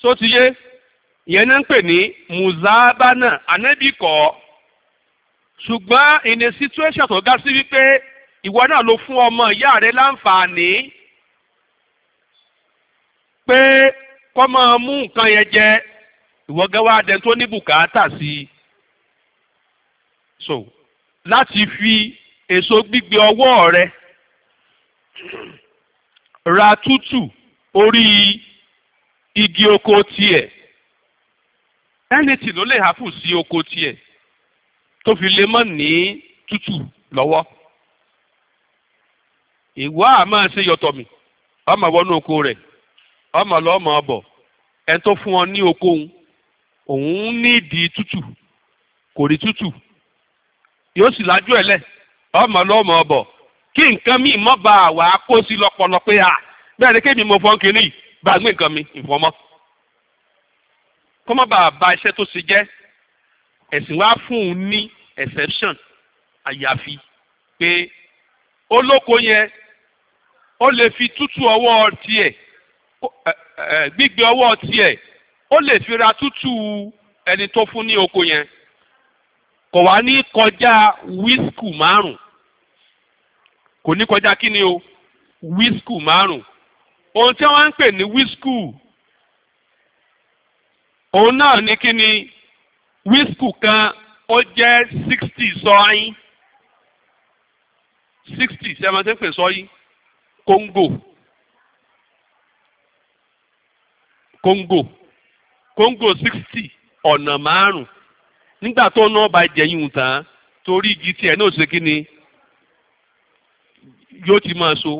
só ti yé ní ń pè ní muzabana ànábì kọ́ ṣùgbọ́n in a situation tó ga sí wípé ìwọ náà ló fún ọmọ ìyá rẹ láǹfààní pé kọ́ máa mú nǹkan yẹn jẹ ìwọ gẹ́wà dẹ́n tó ní bùkátà sí i so láti fi èso gbígbé ọwọ́ rẹ ra tútù orí igi oko tiẹ̀ ẹnìtì ló lè hàfù sí oko tiẹ̀ tó fi lè mọ̀ ní tútù lọ́wọ́ ìwà àmọ́ ṣe yọ̀tọ̀ mi ọmọ wọnú oko rẹ̀ ọmọ lọ́mọ ọbọ̀ tó fún ọ ní oko òun òun nídìí tútù kò rí tútù yóò sì lájú ẹ̀ lẹ̀ ọmọ lọ́mọ ọbọ̀ kí nǹkan mi mọ́ bá àwa kó sí lọ́pọlọ pé à bẹ́ẹ̀ ni kémi mo fọ́n kiri bá gbé nǹkan mi ìfọmọ́ kọ́mọ́ bá ba iṣẹ́ tó ṣe jẹ́ ẹ̀sìn wá fún un ní exception àyàfi pé olóko yẹn ó lè fi tútù ọwọ́ tiẹ̀ gbígbé ọwọ́ tiẹ̀ ó lè fi ra tútù ẹni tó fún ní oko yẹn kò wá ní kọjá wíṣkù márùn kò ní kọjá kí ni o wíṣkù márùn ohun tí wọ́n ń pè ní wíṣkù òun náà ní kí wíṣkù kan ó jẹ́ sixty sọ́yìn sixty seventy pè sọ́yìn Congo Congo kóńgò sixty ọ̀nà márùn-ún nígbà tó náà bá jẹyìn tán torí igi tiẹ̀ náà ṣe kí ni yóò ti máa so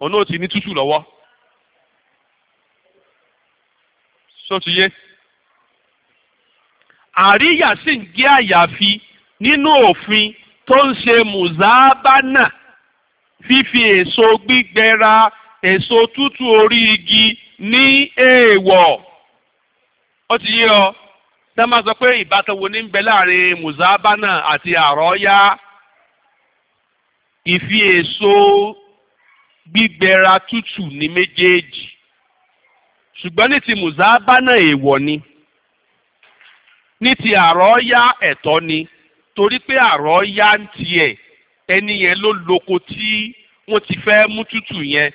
òun náà ti ní tútù lọ́wọ́ sọ́túyé àríyá sì ń gé àyàfi nínú òfin tó ń ṣe mùsáábánà fífi èso gbígbẹ ra èso tútù orí igi ní èèwọ̀ ó ti yé ọ tá a máa sọ pé ìbátan wo ní ń bẹ láàrin mùsàbánà àti àrọ́yá ìfi èso gbígbẹra tútù ní méjèèjì ṣùgbọ́n ní ti mùsàbánà èèwọ̀ ni ní ti àrọ́yá ẹ̀tọ́ ni torí pé àrọ́yá ń tiẹ̀ ẹni yẹn ló loko tí wọ́n ti fẹ́ mú tútù yẹn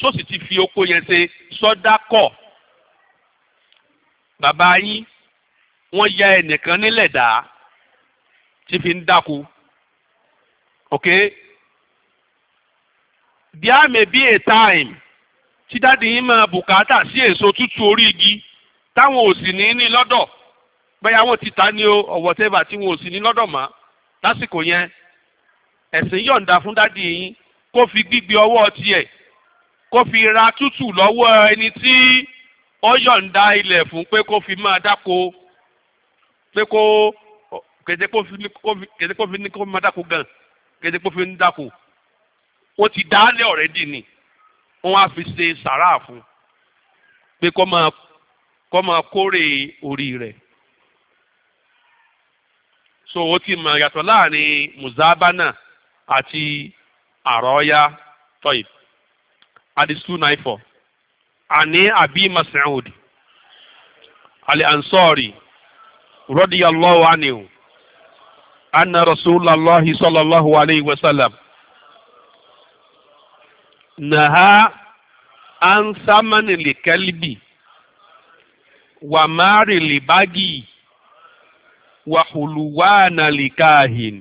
tó sì ti fi oko yẹn ṣe sọ́dá kọ̀ bàbá yín wọ́n ya ẹnìkan nílẹ̀ dá tí fi ń dáko ok there may be a time tí dáàdi yín máa bùkátà sí èso tútù orí igi táwọn ò sì ní ní lọ́dọ̀ bẹ́ẹ̀ àwọn ti ta ní o ọ̀wọ́ tẹ́bà tí wọn ò sì ní lọ́dọ̀ mọ́ lásìkò yẹn ẹ̀sìn yọ̀ǹda fún dáàdi yín kó fi gbígbé ọwọ́ tiẹ̀ kó fi ra tútù lọ́wọ́ ẹni tí ó yọ̀ǹda ilẹ̀ fún pé kó fi máa dáko pé kó kèdè kó fi kèdè kó fi máa dáko gan kèdè fi ní dáko ó ti dálẹ̀ ọ̀rẹ́dì ni wọ́n á fi ṣe sàrà fún pé kó máa kó máa kórè orí rẹ̀ so ó ti mọ̀ yàtọ̀ láàrin muzabana àti àrọ́ọ́yá toy adis nine four àní àbí Mas'ud al-Ansari radiyallahu anhu anna Rasulullah sallallahu alayhi wa sallam naha an samani li kalbi wa mari li bagi wa huluwana li kahin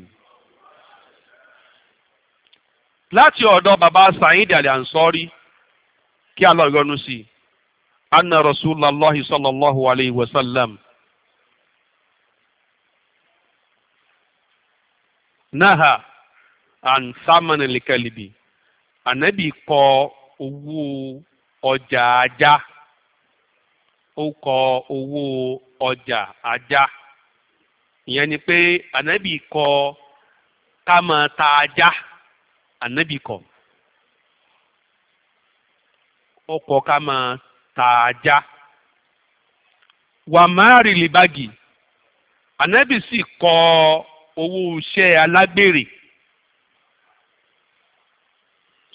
láti ọ̀dọ̀ bàbá Sa'id al-Ansari kí Allah yọ́nú sí i anna rasulallahi sallallahu alayhi wa sallam naha an saman likalibi anabi kọ̀ owó ọjà ajá ó kọ̀ owó ọjà ajá ìyẹn ni pé anabi kọ̀ ká máa ta ajá anabi kọ̀ ó kọ ká máa tà á já wàmárì libagi ànábì sì kọ owó iṣẹ́ alágbèrè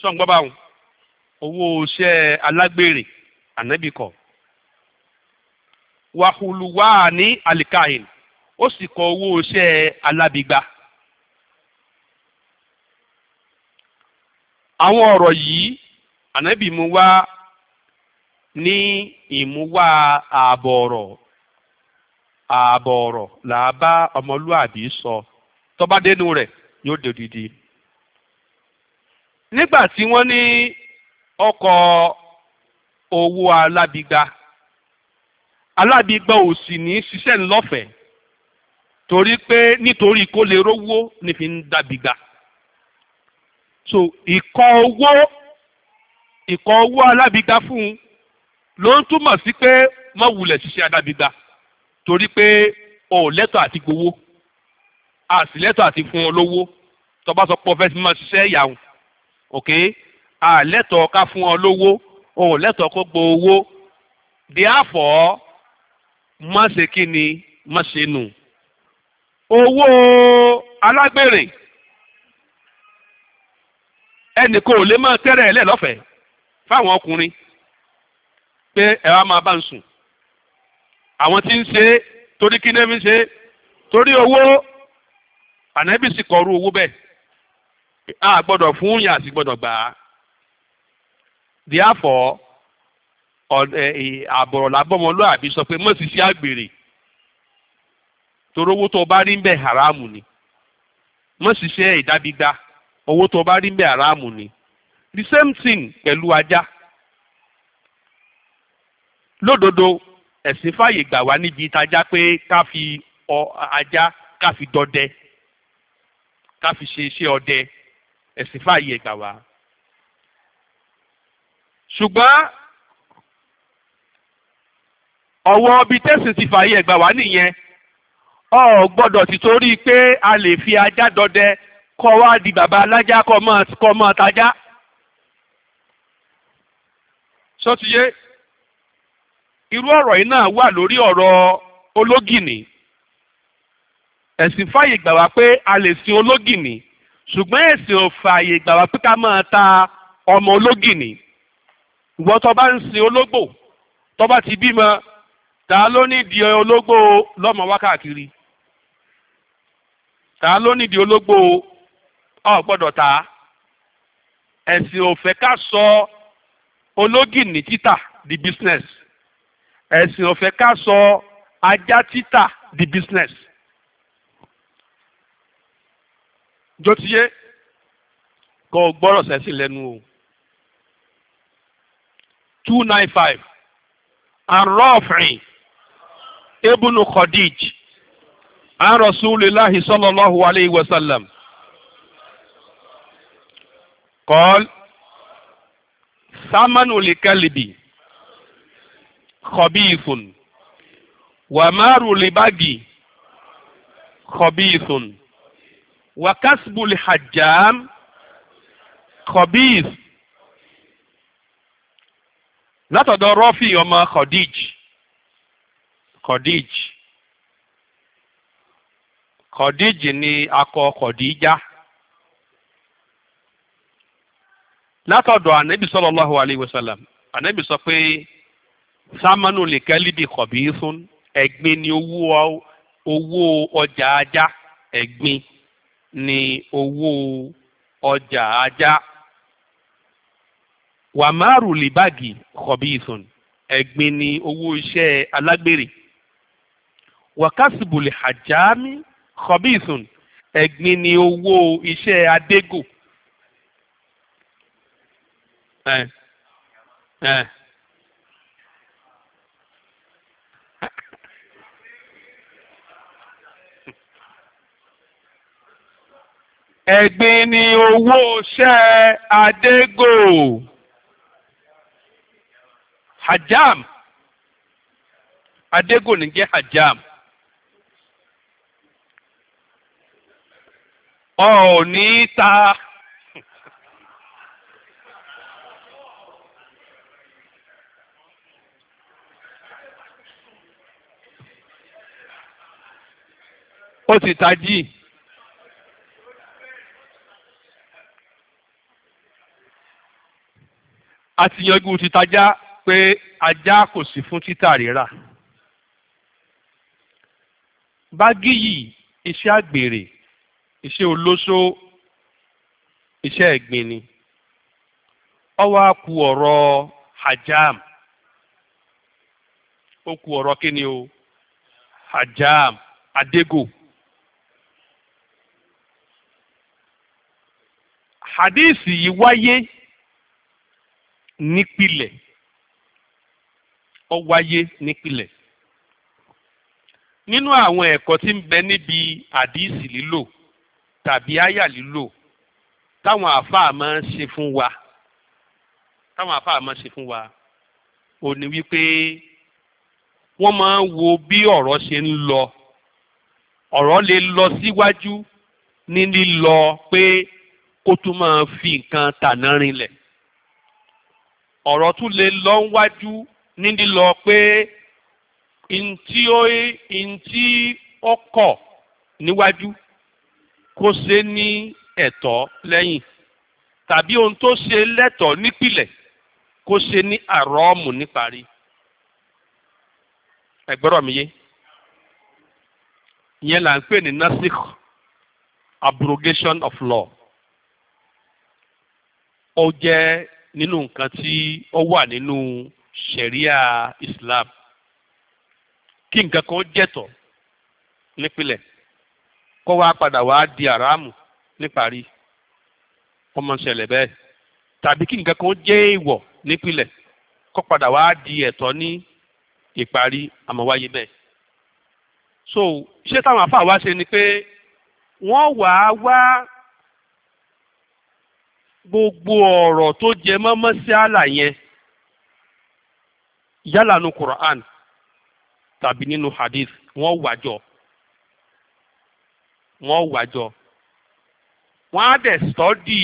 sọ̀ǹgbọ́n báwọn owó iṣẹ́ alágbèrè ànábì kọ wàhùlùwà ní alikahin ó sì kọ owó iṣẹ́ alábìgbà. àwọn ọ̀rọ̀ yìí ànábì mú wá ní ìmúwá ààbọ̀ ọ̀rọ̀ ààbọ̀ ọ̀rọ̀ là á bá ọmọlúàbí sọ tó bá dénú rẹ̀ yóò dòdìdì. nígbà tí wọ́n ní ọkọ̀ owó alábìgbà alábìgbà ò sì ní ṣiṣẹ́ ńlọ́fẹ̀ẹ́ torí pé nítorí kó lè rówó ní fi ń dàbìgbà. so ìkọ̀ owó ìkọ̀ owó alábìgbà fún un ló ń túmọ̀ sí pé má wulẹ̀ ṣiṣẹ́ adábígba torí pé o ò lẹ́tọ̀ àti gbowó a sì lẹ́tọ̀ àti fún ọ lówó tó bá sọ pé o fẹ́ ti máa ṣiṣẹ́ ìyàwó ok a lẹ́tọ̀ ká fún ọ lówó ò lẹ́tọ̀ kó gbowó therefore má ṣe kí ni má ṣe nù owó alágbèrè ẹnì kan ò lè máa tẹ́rẹ̀ ẹ̀ lẹ́ lọ́fẹ̀ẹ́ fáwọn ọkùnrin pé ẹ wá máa bá ń sùn àwọn tí ń ṣe torí kí nẹ́ẹ̀mí ṣe torí owó ànábì sì kọrú owó bẹ́ẹ̀ a gbọ́dọ̀ fún yàn àti gbọ́dọ̀ gbà á therefore àbọ̀rọ̀ làbọ̀mọlúàbí sọ pé mọ̀sí sí àgbèrè torí owó tó o bá rí ń bẹ̀ haramu ni mọ̀sí ṣe ìdábígbá owó tó bá rí ń bẹ̀ haramu ni the same thing pẹ̀lú ajá lódodo ẹ̀sìn fàyè gbà wá níbi ìtajà pé ká fi ọ ajá ká fi dọdẹ ká fi ṣe iṣẹ́ ọdẹ ẹ̀sìn fàyè gbà wá. ṣùgbọ́n ọ̀wọ́ bíi tẹ̀sìn ti fàyè gbà wá nìyẹn ọ gbọ́dọ̀ ti torí pé a lè fi ajá dọdẹ kọ́ wá di bàbá alájá kọ́ mọ́ tajà. sọ́tìyé. So irú ọ̀rọ̀ yìí náà wà lórí ọ̀rọ̀ ológìnní ẹ̀sìn fàyè gbà wá pé a lè sin ológìnní ṣùgbọ́n ẹ̀sìn ò fàyè gbà wá pé ká máa ta ọmọ ológìnní ìwọ tó bá ń sin ológbò tó bá ti bímọ ta ló nídìí ológbò lọ́mọ wákàkiri ta ló nídìí ológbò ọ̀ gbọ́dọ̀ ta ẹ̀sìn ò fẹ́ ká sọ ológìnní títà di business ẹ̀sìn ọ̀fẹ́ ká sọ ajá títà di business. jọ́tíyé kò gbọ́rọ̀ sẹ́sìn lẹ́nu o two nine five arọ́ọ̀fìn ibùnú khadij an rasulillahi sallallahu alayhi wa sallam qal samanu likalibi khabithun wàmárù libagi khabithun wàkásbùl hajjam khabith látọ̀dọ̀ rọ́fì ọmọ khadij khadij khadij ni akọ khadija látọ̀dọ̀ ànábì sallallahu alayhi wa sallam ànábì sọ pé sámánù lè kẹ́líbi kọ̀bí fún ẹ̀gbin ni owó owó ọjà ajá ẹ̀gbin ni owó ọjà ajá wàmárù lè báàgì kọ̀bí fún ẹ̀gbin ni owó iṣẹ́ alágbèrè wàkásìbò lè hàjámì kọ̀bí fún ẹ̀gbin ni owó iṣẹ́ adégò. Eh. Eh. ẹ̀gbin ni owó iṣẹ́ adégò hajam adégò ní jẹ́ hajam ọ̀ọ́ni ta ó ti tají. a ti yanjú títajá pé ajá kò sí fún títà rírà bágì yìí iṣẹ́ àgbèrè iṣẹ́ olóṣó iṣẹ́ ẹ̀gbìn ni ó wá kù ọ̀rọ̀ hajam ó kù ọ̀rọ̀ kí o hajam adégò hadíìsì yìí wáyé nípìlẹ̀ ó wáyé nípìlẹ̀ nínú àwọn ẹ̀kọ́ tí ń bẹ níbi àdíìsì lílò tàbí àyà lílò táwọn àfáà máa ń ṣe fún wa táwọn àfáà máa ń ṣe fún wa ò ní wípé wọ́n máa ń wo bí ọ̀rọ̀ ṣe ń lọ ọ̀rọ̀ lè lọ síwájú ní lílọ pé kó tún máa fi nǹkan tàná rinlẹ̀ ọ̀rọ̀ tún lè lọ wájú ní lílọ pé ntí ó ntí ó kọ̀ níwájú kó ṣe ní ẹ̀tọ́ lẹ́yìn tàbí ohun tó ṣe lẹ́tọ̀ọ́ nípìlẹ̀ kó ṣe ní àrọ́ọ̀mù níparí ẹgbẹ́rọ̀ mi yé ìyẹn là ń pè ní nasik abrogation of law ó jẹ́ nínú nǹkan tí ó wà nínú ṣẹ̀ríà Islam kí nǹkan kan jẹ̀tọ́ nípìnlẹ̀ kó wá padà wá di àràmù níparí ọmọ ṣẹlẹ̀ bẹ́ẹ̀ tàbí kí nǹkan kan jẹ́ èèwọ̀ nípìnlẹ̀ kó padà wá di ẹ̀tọ́ ní ìparí àmọ́ wáyé bẹ́ẹ̀ so iṣẹ́ táwọn afáà wá ṣe ni pé wọ́n wàá wá gbogbo ọ̀rọ̀ tó jẹ mọ́ mọ́síálà yẹn yálà nu Quran tàbí nínú hadith wọ́n wájọ wọ́n wájọ wọ́n á dẹ̀ sọ́dí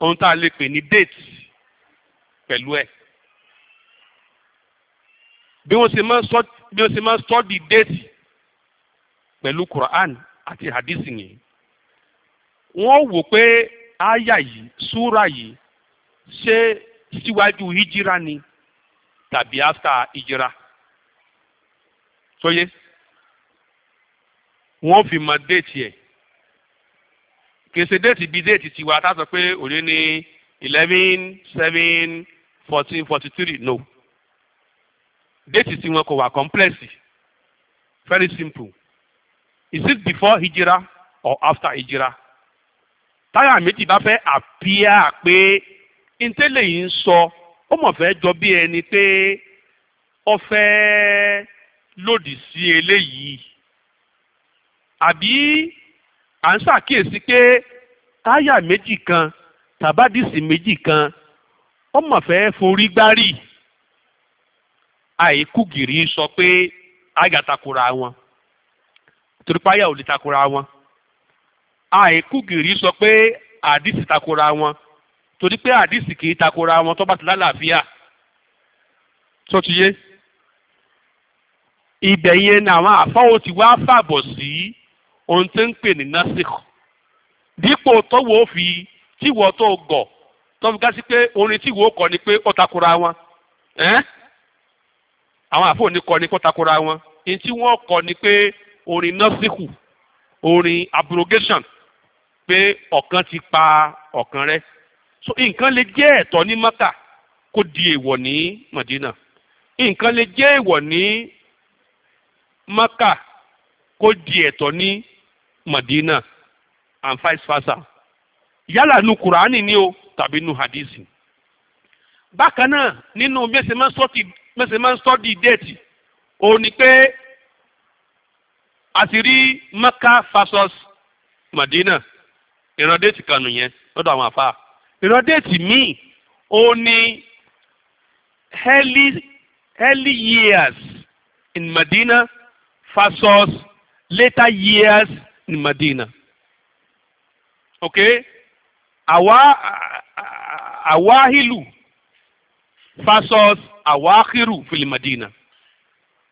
ohun tá a lè pè ní date pẹ̀lú ẹ̀ bí wọ́n ṣe máa sọ bí wọ́n ṣe máa sọ́dí date pẹ̀lú Quran àti hadith yẹn wọ́n wò pé Aya yìí súrà yìí ṣé síwájú hijira ni tàbí after hijira sóye wọ́n fi mọ déètì ẹ̀ kèsè déètì bíi déètì tiwa tá a sọ pé òní ní eleven seven fourteen forty three no déètì tiwọn kò wà kọ́mplẹ́sì very simple is it before hijira or after hijira táyà méjì bá fẹ́ àpíà pé ntẹ́lẹ̀ yìí ń sọ ó mọ̀ fẹ́ jọ bí ẹni pé ó fẹ́ lòdì sí eléyìí àbí à ń ṣàkíyèsí pé táyà méjì kan tàbádìsì méjì kan ó mọ̀ fẹ́ forí gbárì àìkúgìrì sọ pé àgàtakùrà wọn torípáyà ò lè takùrà wọn àìkúgìrì sọ pé àdìsí takora wọn torí pé àdìsí kì í takora wọn tó bá ti lálàáfíà tó ti yé ibẹ̀ yẹn ni àwọn àfáwọn ti wá fàbọ̀ sí ohun tó ń pè ní nasik dípò tọ́wọ́ fi tíwọ́ tó gọ̀ tó fi sí pé orin tíwọ́ kọ ni pé ó takora wọn àwọn àfáwọn ní kọ ni kó takora wọn èyí tí wọ́n kọ ni pé orin nasiku orin abrogation pé ọ̀kan ti pa ọ̀kan rẹ̀ so nǹkan lè jẹ́ ẹ̀tọ́ ní Mẹ́kà kó di èèwọ̀ ní Mẹ̀dínà nǹkan lè jẹ́ èèwọ̀ ní Mẹ́kà kó di ẹ̀tọ́ ní Mẹ̀dínà and vice versa yálà nu Kùránì ni o tàbí nu Hadisi bákan náà nínú mẹsẹ̀ máa ń sọ́ọ̀dì déètì òun ni pé àti rí Mẹ́kà versus Mẹ̀dínà ìran déètì kan nìyẹn lọ́dọ̀ àwọn àfáà ìran déètì míì ó ní early early years in Medina versus later years in Medina ok àwa àwáhìlù versus àwáhìrù fìlì Medina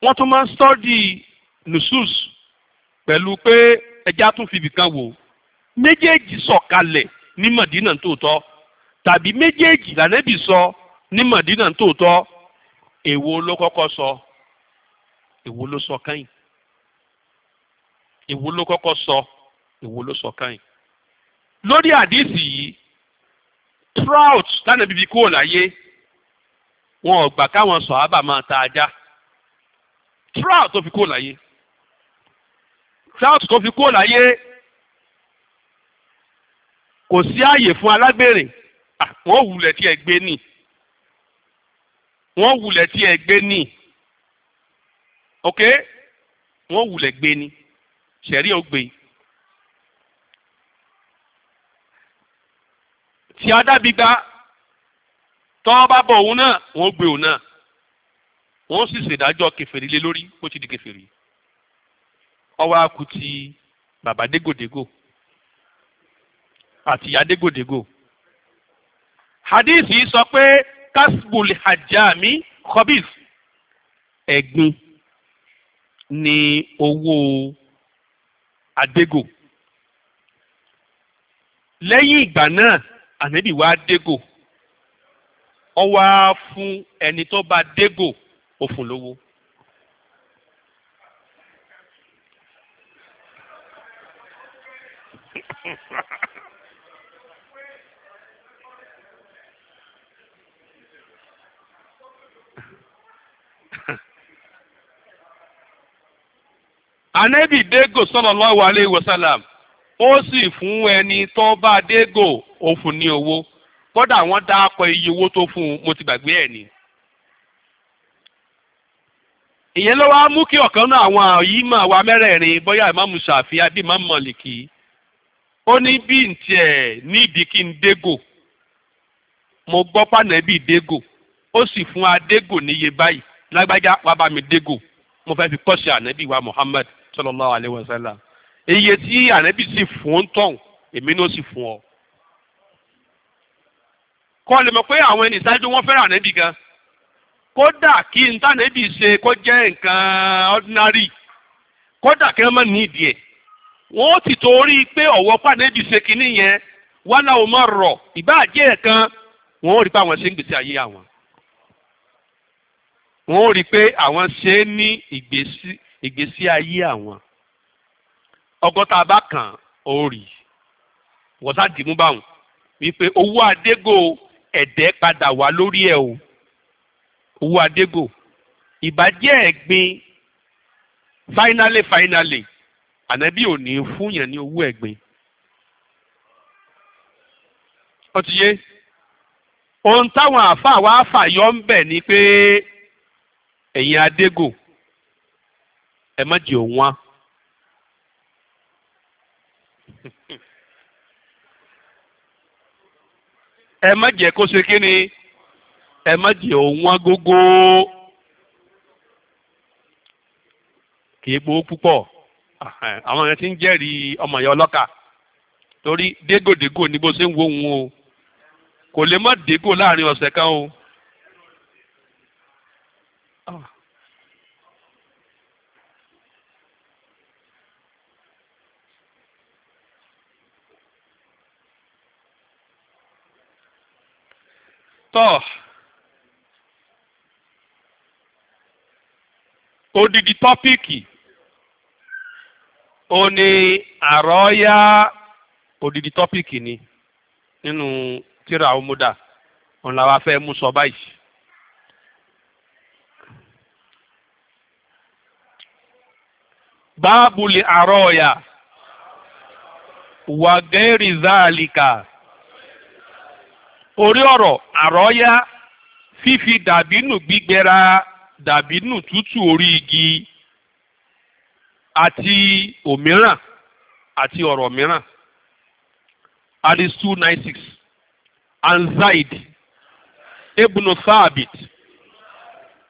wọ́n tún máa ń study nusus pẹ̀lú pé ẹja tún fi ibìkan wò ó méjèèjì sọ̀kalẹ̀ ní Màdínà tòótọ́ tàbí méjèèjì lànẹ́bì sọ ní Màdínà tòótọ́ èwo ló kọ́kọ́ sọ èwo ló sọ kẹ́yìn èwo ló kọ́kọ́ sọ èwo ló sọ kẹ́yìn lórí àdìsí yìí trout lánàá bíbí kúrò láyé wọn ò gbà káwọn sọ̀hábà máa ta ajá trout tó fi kúrò láyé trout tó fi kúrò láyé kò sí ààyè fún alágbèrè ah, wọ́n wulẹ̀ tí ẹ gbé nì wọ́n wulẹ̀ tí ẹ gbé nì ok wọ́n wulẹ̀ gbé ni sẹ̀rí ò gbé tí adábígbá tọ́ bá bọ̀ òun náà wọ́n gbé òun náà wọ́n sì ṣèdájọ́ kẹfẹ́rí lé lórí ó ti di kẹfẹ́rí ọwọ́ akutì bàbá dégòdégò àti adégòdégò. hadith yìí sọ pé kasbul hajjami khabith ẹ̀gbin ni owó adégò. lẹ́yìn ìgbà náà ànábì wá dégò ó wá fún ẹni tó bá dégò ó lówó. anẹ́bì dégò sallallahu alayhi wa sallam ó sì fún ẹni tó bá dégò ó fún ní owó kódà wọ́n dá akọ iye owó tó fún un mo ti gbàgbé ẹ̀ ni. ìyẹn ló wá mú kí ọ̀kan náà àwọn àyímọ̀ wa mẹ́rẹ̀ẹ̀rin bóyá ìmáàmù Ṣàfi àbí ìmáàmù Málíkì ó ní bí n tiẹ̀ nídìí kí n dégò mo gbọ́ pànẹ́bì dégò ó sì fún adégò níye báyìí lágbájá wàá bá mi dégò mo fẹ́ fi kọ́ṣẹ́ ànábì wa Muhammad sallallahu alaihi wasallam iye tí ànábì sì fún ń tọ̀hún èmi náà sì fún ọ. kọ́ lè mọ̀ pé àwọn ẹni ìṣáájú wọn fẹ́ràn ànábì gan kódà kí n tànábì ṣe kó jẹ́ nǹkan ordinary kódà kí wọ́n má ní ìdí ẹ̀ wọ́n ti torí pé ọ̀wọ́ pànábì ṣe kinní yẹn wọ́n láwọn máa rọ̀ ìbáàjẹ́ ẹ̀kan wọ́n rí pé àwọn ṣe ń gbèsè ayé àwọn wọ́n rí pé àwọn ṣe é ní ìgbésí ìgbésí ayé àwọn ọgọ́ta bá kàn ó rì wọ́sá dìímú báwọn wípé owó adégò ẹ̀dẹ́ padà wá lórí ẹ̀ o owó adégò ìbàjẹ́ ẹ̀gbin finally finally ànábì ò ní fún yẹn ní owó ẹ̀gbin ó ti yé ohun táwọn àáfàá wa fàyọ ń bẹ̀ ni pé ẹ̀yin adégò. E ẹ má jẹ́ òun wá. ẹ má jẹ́ kó ṣe kí ni ẹ má kìí gbowó púpọ̀ àwọn yẹn ti ń jẹ́rìí ọmọ ìyá ọlọ́kà torí dégòdégò ni bó ṣe ń wó wọn o kò lè má dégò láàrin ọ̀sẹ̀ kan o. Ah. tọ́ odidi tọ́píìkì ó ní àrọ́yá odidi tọ́píìkì ni nínú tíra omuda òun làwa fẹ́ mú sọ báyìí. báàbùlì àrọ́ọ̀yà wàgẹ́rì záàlìkà. orí ọ̀rọ̀ àrọ́yá fífi dàbínù gbígbẹ ra dàbínù tútù orí igi àti òmíràn àti ọ̀rọ̀ mìíràn hadith two nine six ibn thabit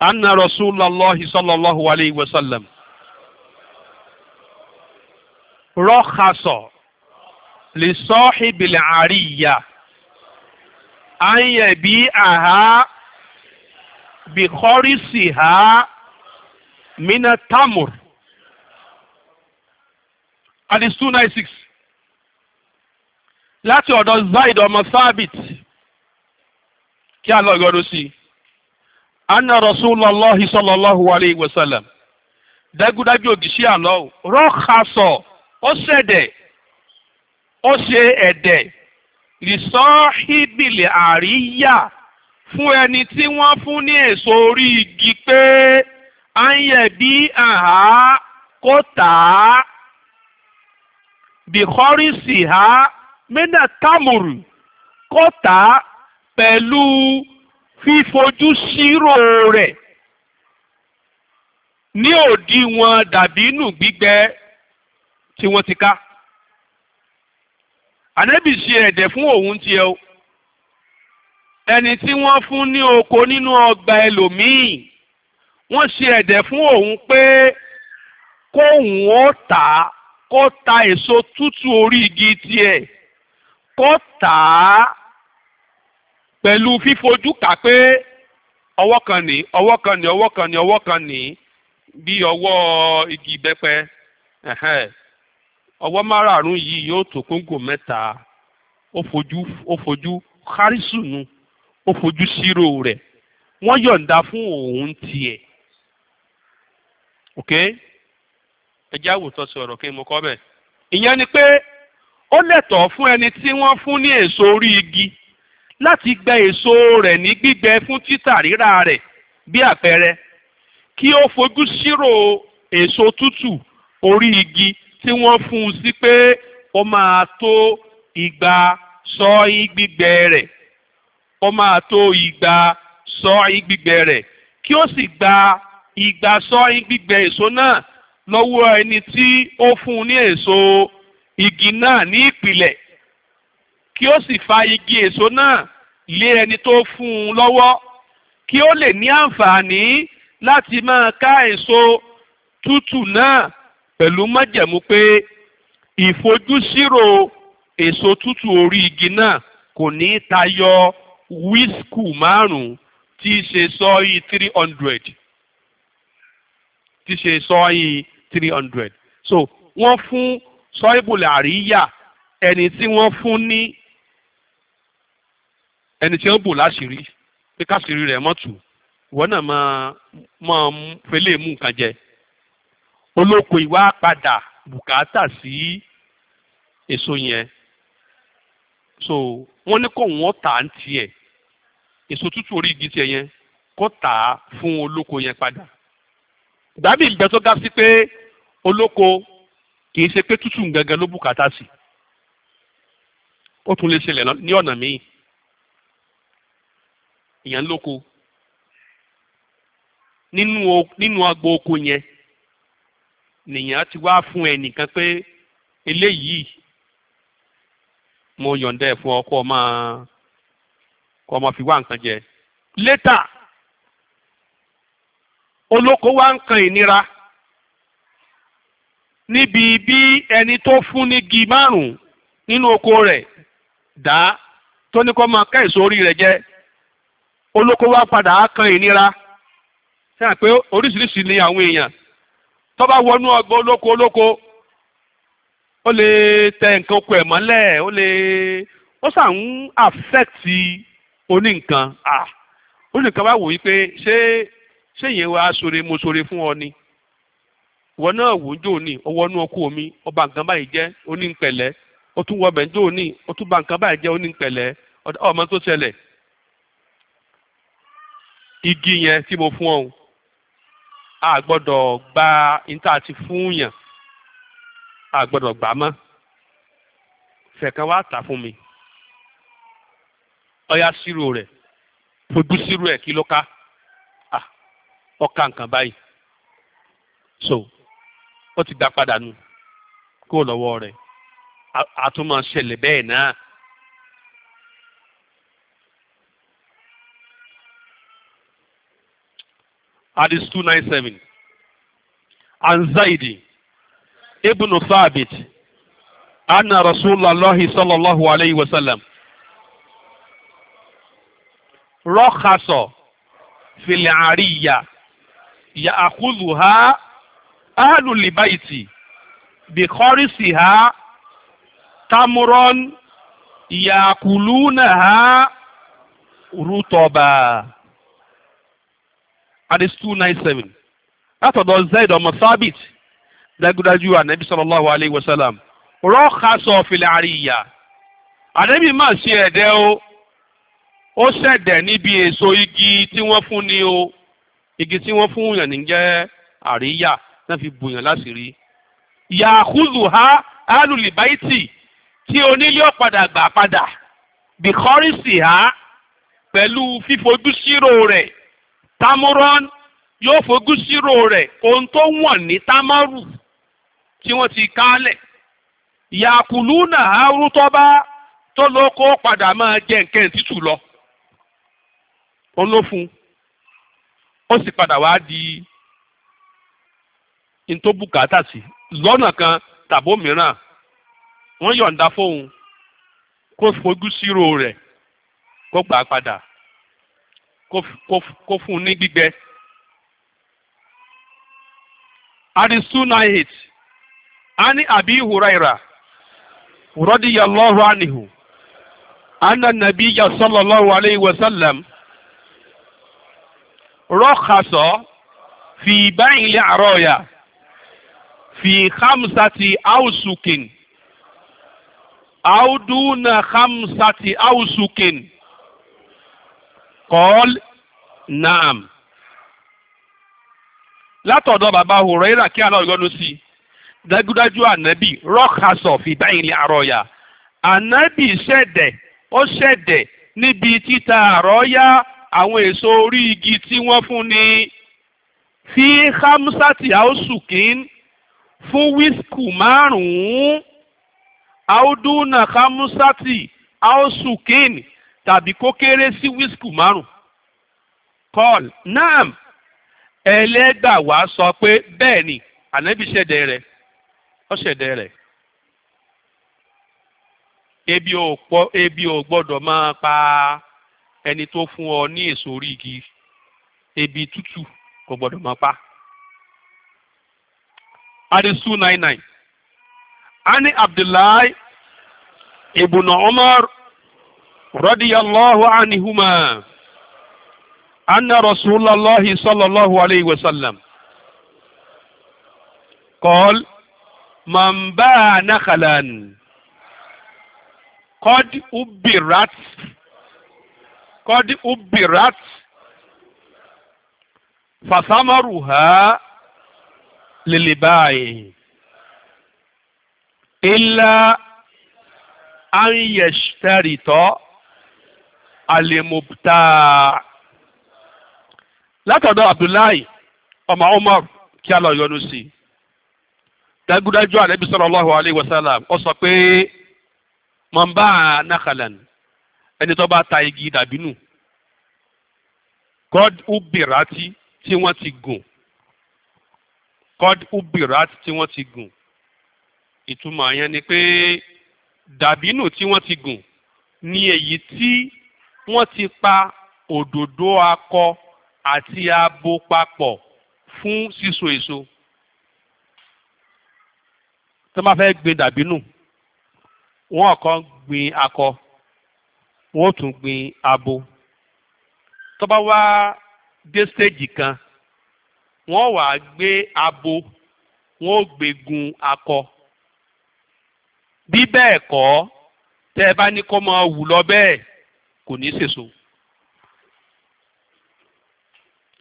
anna rasulallah sallallahu alayhi wa sallam rọ́kasọ̀ lè Bil'ariya. àyẹ̀bí àhá a ha mina tamur hadith 296 nine six láti ọ̀dọ̀ zaid ọmọ sábìt kí a lọ ìgbọ́dọ̀ sí i anna rasulullahi sallallahu alayhi wa sallam dágúdájú ògìṣẹ́ àlọ́ rọ́ọ̀kasọ̀ ó ṣẹ̀dẹ̀ ó ṣe ẹ̀dẹ̀ lìsọ́híbìlì àríyá fún ẹni tí wọ́n fún ní èso orí igi pé à ń yẹ bí àhá kó tà á bìkọ́rí sì há mẹ́nà támùrù kó tà á pẹ̀lú fífojú sírò rẹ̀ ní òdiwọ̀n dàbínù gbígbẹ tí wọ́n ti ká. ànábì ṣe ẹ̀dẹ̀ fún òun tiẹ̀ o ẹni tí wọ́n fún ní oko nínú ọgbà ẹlòmíì wọ́n ṣe ẹ̀dẹ̀ fún òun pé kóun ó tà á kó ta èso tútù orí igi tiẹ̀ kó tà á pẹ̀lú fífojú kà pé ọwọ́ kan ní ọwọ́ kan ní ọwọ́ kan ní ọwọ́ kan ní bí ọwọ́ igi ìbẹ́pẹ. Uh-huh. ọwọ́ márààrún yìí yóò tó kóńgò mẹ́ta ó fojú ó fojú kárísùnù ó fojú sírò rẹ̀ wọ́n yọ̀ǹda fún òun tiẹ̀ ok ẹjẹ́ àwòtọ́ sọ̀rọ̀ kí n mọ kọ́ bẹ̀ ìyẹn ni pé ó lẹ́tọ̀ọ́ fún ẹni tí wọ́n fún ní èso orí igi láti gbẹ èso rẹ̀ ní gbígbẹ fún títà rírà rẹ̀ bí àpẹẹrẹ kí ó fojú sírò èso tútù orí igi tí wọ́n fún un sí pé ó máa tó ìgbà sọ́ọ́í gbígbẹ rẹ̀ ó máa tó ìgbà sọ́ọ́í gbígbẹ rẹ̀ kí ó sì gba ìgbà sọ́ọ́í gbígbẹ èso náà lọ́wọ́ ẹni tí ó fún un ní èso igi náà ní ìpìlẹ̀ kí ó sì fa igi èso náà lé ẹni tó fún un lọ́wọ́ kí ó lè ní àǹfààní láti máa ká èso tútù náà pẹ̀lú májẹ̀mú pé ìfojúsírò èso tútù orí igi náà kò ní tayọ wíṣkù márùn-ún tí í ṣe sọ́ọ́yì three hundred tí í ṣe sọ́ọ́yì three hundred so wọ́n fún sọ́ìbùlà àríyá ẹni tí wọ́n fún ní ẹni tí wọ́n bò láṣìírí pé káṣìírí rẹ̀ mọ́tù ìwọ náà máa máa fẹlẹ́ mú nǹkan jẹ olóko ìwà padà bùkátà sí èso yẹn so wọ́n ní kó wọ́n tà á ń tiẹ̀ èso tútù orí igi tiẹ̀ yẹn kó tà á fún olóko yẹn padà dàbí ìgbẹ́ tó ga sí pé olóko kì í ṣe pé tútù gangan ló bùkátà sí ó tún lè ṣẹlẹ̀ ní ọ̀nà míì ìyẹn lóko nínú agbo oko yẹn nìyẹn ti wá fún ẹnìkan pé eléyìí mo yọ̀ǹda ẹ̀ fún ọ kó o máa kó máa fi wá nǹkan jẹ. létà olóko wa ń kan ìnira níbi bí ẹni tó fún ní gi márùn-ún nínú oko rẹ̀ dá tó ní kó máa ká èso orí rẹ̀ jẹ olóko wa padà á kan ìnira sẹ́yìn pé oríṣiríṣi ni àwọn èèyàn tó bá wọnú ọgbà olóko olóko ó lè tẹ nǹkan oko ẹ̀ mọ́lẹ̀ ó lè ó sà ń affect oníǹkan ah oníǹkan bá wò yí pé ṣé ṣé ìyẹn wàá sore mo sore fún ọ ni ìwọ náà wò ń jò ní ọwọ́ inú ọkọ mi ọba nǹkan báyìí jẹ́ oníǹpẹ̀lẹ́ ó tún wọ ọbẹ̀ ń jò ní ó tún ba nǹkan báyìí jẹ́ oníǹpẹ̀lẹ́ ọmọ tó ṣẹlẹ̀ igi yẹn tí mo fún ọ a gbọ́dọ̀ gba níta àti fúnyàn a gbọ́dọ̀ gbà mọ́ fẹ̀kan wá tà fún mi ọya sírò rẹ̀ fojú sírò ẹ̀ kí ló ká ọkà nǹkan báyìí so ó ti gbà padà nù kó lọ́wọ́ rẹ̀ àtúmọ̀ ṣẹlẹ̀ bẹ́ẹ̀ náà. hadith 297. nine seven an zaidi ibnu thabit anna rasulallahi sallallahu alayhi wa sallam rọ́kasọ̀ fìlẹ̀ àríyá yà àkúzù ha ahàlùlìbáìtì bí kọ́rìsì ha tamurọ́n yà àkùlù náà ha rútọ̀bà hadith two nine seven látọ̀dọ̀ zaid ọmọ sábìt dájúdájú ànábì sallallahu alayhi wa sallam rọ́ọ̀ká sọ fìlà àríyá ànábì má ṣe ẹ̀dẹ́ o ó ṣẹ̀dẹ̀ níbi èso igi tí wọ́n fún ni o igi tí wọ́n fún yàn ní jẹ́ àríyá náà fi bùyàn láṣìírí yàhùzù ha alùlìbáìtì tí onílé ọ̀padà gbà padà bìkọ́rìsì ha pẹ̀lú fífojú sírò rẹ̀ tamuron yóò fojú sírò rẹ̀ ohun tó wọ̀n ní tamaru tí wọ́n ti kálẹ̀ yàkùlù náà arútọ́ba tó ló kó padà máa jẹ nǹkan títù lọ òun ló fún un ó sì padà wá di n tó bùkátà sí lọ́nà kan tàbó mìíràn wọ́n yọ̀ǹda fóun kó fojú sírò rẹ kó gbà padà. kó fún un ní gbígbẹ. Arisu Nahit, Ani Abi Huraira, radiyallahu anhu, Anna Nabiyya sallallahu alayhi wa sallam, Rọ́kasọ̀ fi báyìí àrọ́yà, fi khamsati ausukin, Auduna khamsati ausukin kọ́ọ́l naam látọ̀dọ̀ bàbá Hùrẹ́rà kí aláwọ̀ yọ́nú sí dájúdájú ànábì rọ́kàsọ̀ fìbáyìí àrọ̀yà ànábì ṣẹ̀dẹ̀ ó ṣẹ̀dẹ̀ níbi títa àrọ́yá àwọn èso orí igi tí wọ́n fún ni fi hamsati ausukin fún wíṣkù márùn-ún auduna hamsati ausukin tàbí kó kéré sí wíṣkù márùn. Paul Naam ẹlẹ́gbàwá sọ pé bẹ́ẹ̀ ni ànábì ṣẹ̀dẹ̀ rẹ̀ ó ṣẹ̀dẹ̀ rẹ̀. Ebi ò pọ̀ ebi ò gbọ́dọ̀ máa pa ẹni tó fún ọ ní èso orí igi ebi tútù kò gbọ́dọ̀ máa pa. Adisu 99 Ani Abdullahi Ibùnà Omar. رضي الله عنهما أن رسول الله صلى الله عليه وسلم قال من باع نخلا قد أبرت قد أبرت فثمرها للبائع إلا أن يشترط Alimubtaa, látọ̀dọ̀ abdullahi ọmọ umar kí a lọ yọ́nú sí i dágúdájú ànábi sallallahu alayhi wa sallam ó sọ pé man ba'a nakalan ẹni tó bá ta igi dàbínù god ubirati tí wọ́n ti gùn god ubirati tí wọ́n ti gùn ìtumọ̀ yẹn ni pé dàbínù tí wọ́n ti gùn ní èyí tí wọ́n ti pa òdòdó akọ àti abo papọ̀ fún síso èso tó máa fẹ́ gbin dàbínù wọ́n kàn gbin akọ wọ́n tún gbin abo tó bá wá dé stéèjì kan wọ́n wàá gbé abo wọ́n ó gbé gun akọ bí bẹ́ẹ̀ kọ́ tẹ́ ẹ bá ní kó máa wù lọ bẹ́ẹ̀ kò ní sèso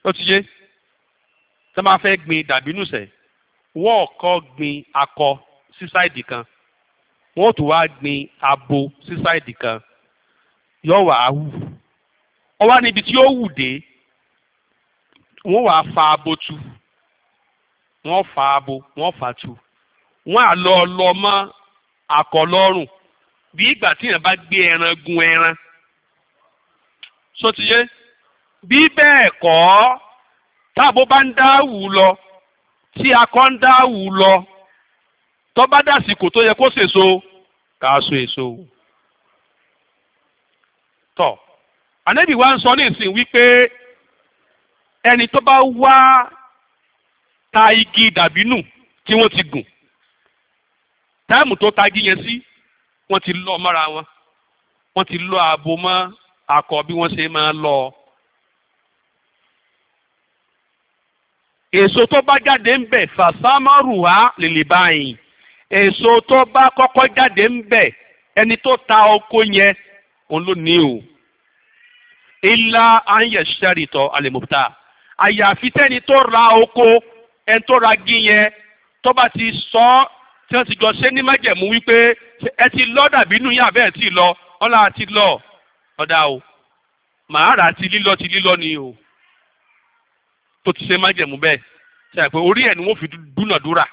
ó ti yé tá máa fẹ́ gbin dàbínú sẹ̀ wọ́n kọ́ gbin akọ sí sáìdì kan wọ́n tún wá gbin abo sí sáìdì kan yóò wà á wù ọ wá níbi tí ó wù dé wọ́n wàá fa abo tu wọ́n fa abo wọ́n fa tu wọ́n á lọ lọ mọ́ akọ lọ́rùn bí ìgbà tí èèyàn bá gbé ẹran gun ẹran sotiye bí bẹ́ẹ̀ kọ́ táàbó bá ń dá wù lọ tí akọ ń dá wù lọ tó bá dàsìkò tó yẹ kó sèso kà á so èso tọ ànábì wa ń sọ ní ìsìn wípé ẹni tó bá wá ta igi dàbínù tí wọ́n ti gùn táìmù tó ta igi yẹn sí wọ́n ti lọ́ mọ́ra wọn wọ́n ti lọ́ abo mọ́ akọ bí wọ́n ṣe máa lọ. èso tó bá jáde ń bẹ̀ fàsámọ́rù á lèlè báyìí èso tó bá kọ́kọ́ jáde ń bẹ̀ ẹni tó ta oko yẹn òun ló ní o. ilá ayẹ̀ sẹ́rìtọ̀ àlèmọ̀tà àyàfi tẹ́ni tó ra oko ẹni tó ra gí yẹn tó bá ti sọ tí wọ́n ti jọ ṣe ní májẹ̀mú wípé ẹ ti lọ dàbí nù yàbẹ́ ẹ ti lọ ọ́lá ti lọ ọ̀dà o màá rà ti lílọ ti lílọ ni o tó ti ṣe májẹ̀mú bẹ́ẹ̀ ṣe àpè orí ẹ̀ ni wọ́n fi dúnàdúrà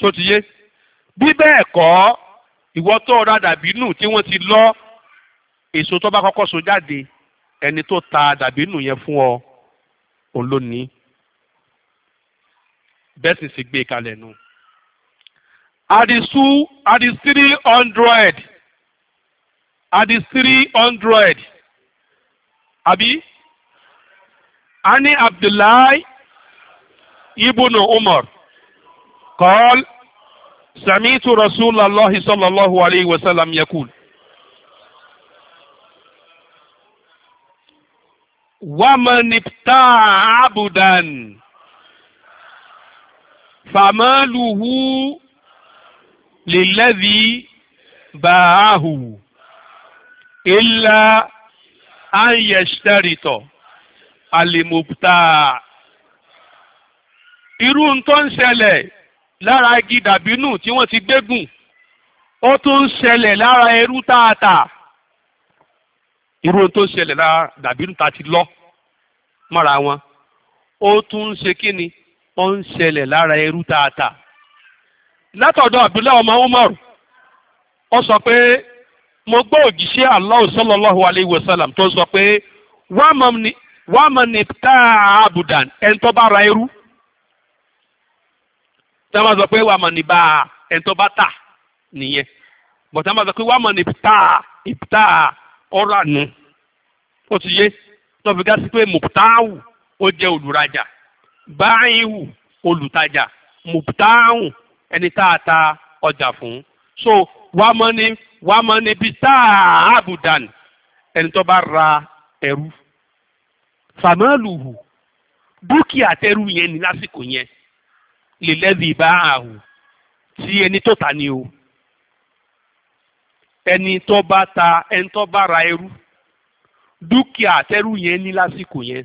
tó ti yé bí bẹ́ẹ̀ kọ́ ìwọ tó ra dàbínù tí wọ́n ti lọ èso tó bá kọ́kọ́ so jáde ẹni tó ta dàbínù yẹn fún ọ òun ló ní bẹ́ẹ̀ sì sì gbé kalẹ̀ nù. àdìsú àdìsí three hundred adi three hundred àbí ani abdullahi ibnu umar kọ́l samitu rasulallah sallallahu alayhi wa sallam yakul. ومن ابتاع عبدا فماله للذي باعه ìlà ayẹ̀ṣtẹ́rìtọ̀ alimupta irú ń tó ń ṣẹlẹ̀ lára igi dàbínú tí wọ́n ti gbégùn ó tún ń ṣẹlẹ̀ lára ẹrú tààtà irú tó ń ṣẹlẹ̀ lára dàbínú tá lọ mọ́ra wọn ó tún ń ṣe kí ni ó ń ṣẹlẹ̀ lára ẹrú tààtà látọ̀dọ̀ Abdullahi ọmọ Umar ó sọ pé mo gbọ́ òjíṣẹ́ Allah sallallahu alayhi wa sallam tó sọ pé wàá mọ̀ ní táà àbùdàn ẹni tó bá ra irú tí wọ́n sọ pé wàá mọ̀ ní bá ẹni tó bá tà nìyẹn bọ̀tá máa sọ pé wàá mọ̀ ní táà ìpìtà ọ̀rọ̀ àná ó ti yé tó sí pé mùpútáàwù ó jẹ́ olùrajà báyìíwù olùtajà mùpútáàwù ẹni tá a ta ọjà fún so wà mọ́ ni wà mọ́ ni bíi táà àbùdàn ẹni tó bá ra ẹrú fàmọ́lùhù dúkìá tẹ́rù yẹn ní lásìkò yẹn lè lẹ́bi bá àhùn tí ẹni tó ta ni o ẹni tó bá ta ẹni tó bá ra ẹrú dúkìá tẹ́rù yẹn ní lásìkò yẹn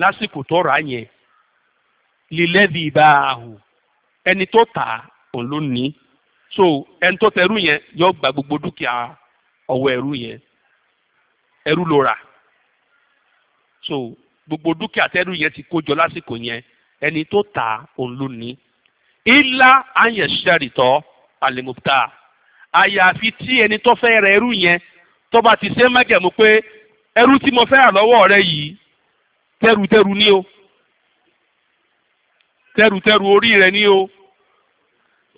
lásìkò tó rà yẹn lè bá àhùn ẹni tó ta òun ló ní so ẹni tó tẹrú yẹn yóò gba gbogbo dúkìá ọwọ́ ẹrú yẹn ẹrú ló rà so gbogbo dúkìá tẹrú yẹn ti kójọ lásìkò yẹn ẹni tó tà òun ló ní. ilá àyẹ̀sẹ̀rìtọ̀ àlèmọ̀tà àyàfi tí ẹni tó fẹ́ ra ẹrú yẹn tó bá ti ṣe májẹ̀mú pé ẹrú tí mo fẹ́ rà lọ́wọ́ rẹ yìí tẹrùtẹrù ni o tẹrùtẹrù orí rẹ ni o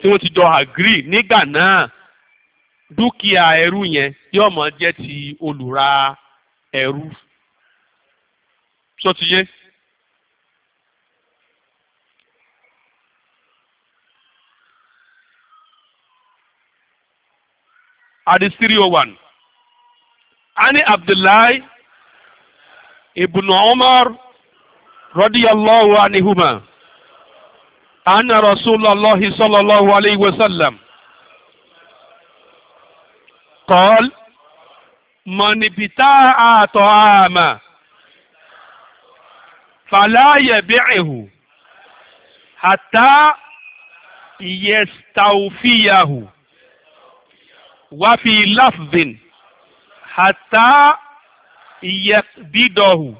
tí wọ́n ti jọ agree nígbà náà dúkìá ẹrú yẹn yóò mọ̀ jẹ́ ti olùra ẹrú sọtìyé. So hadith 301 ani abdullahi ibn umar radiyallahu anihuma anna rasulallahi sallallahu alayhi wa sallam qal man bita'a ta'ama fala yabi'hu hatta yastawfiyahu wa fi lafdhin hatta yaqbidahu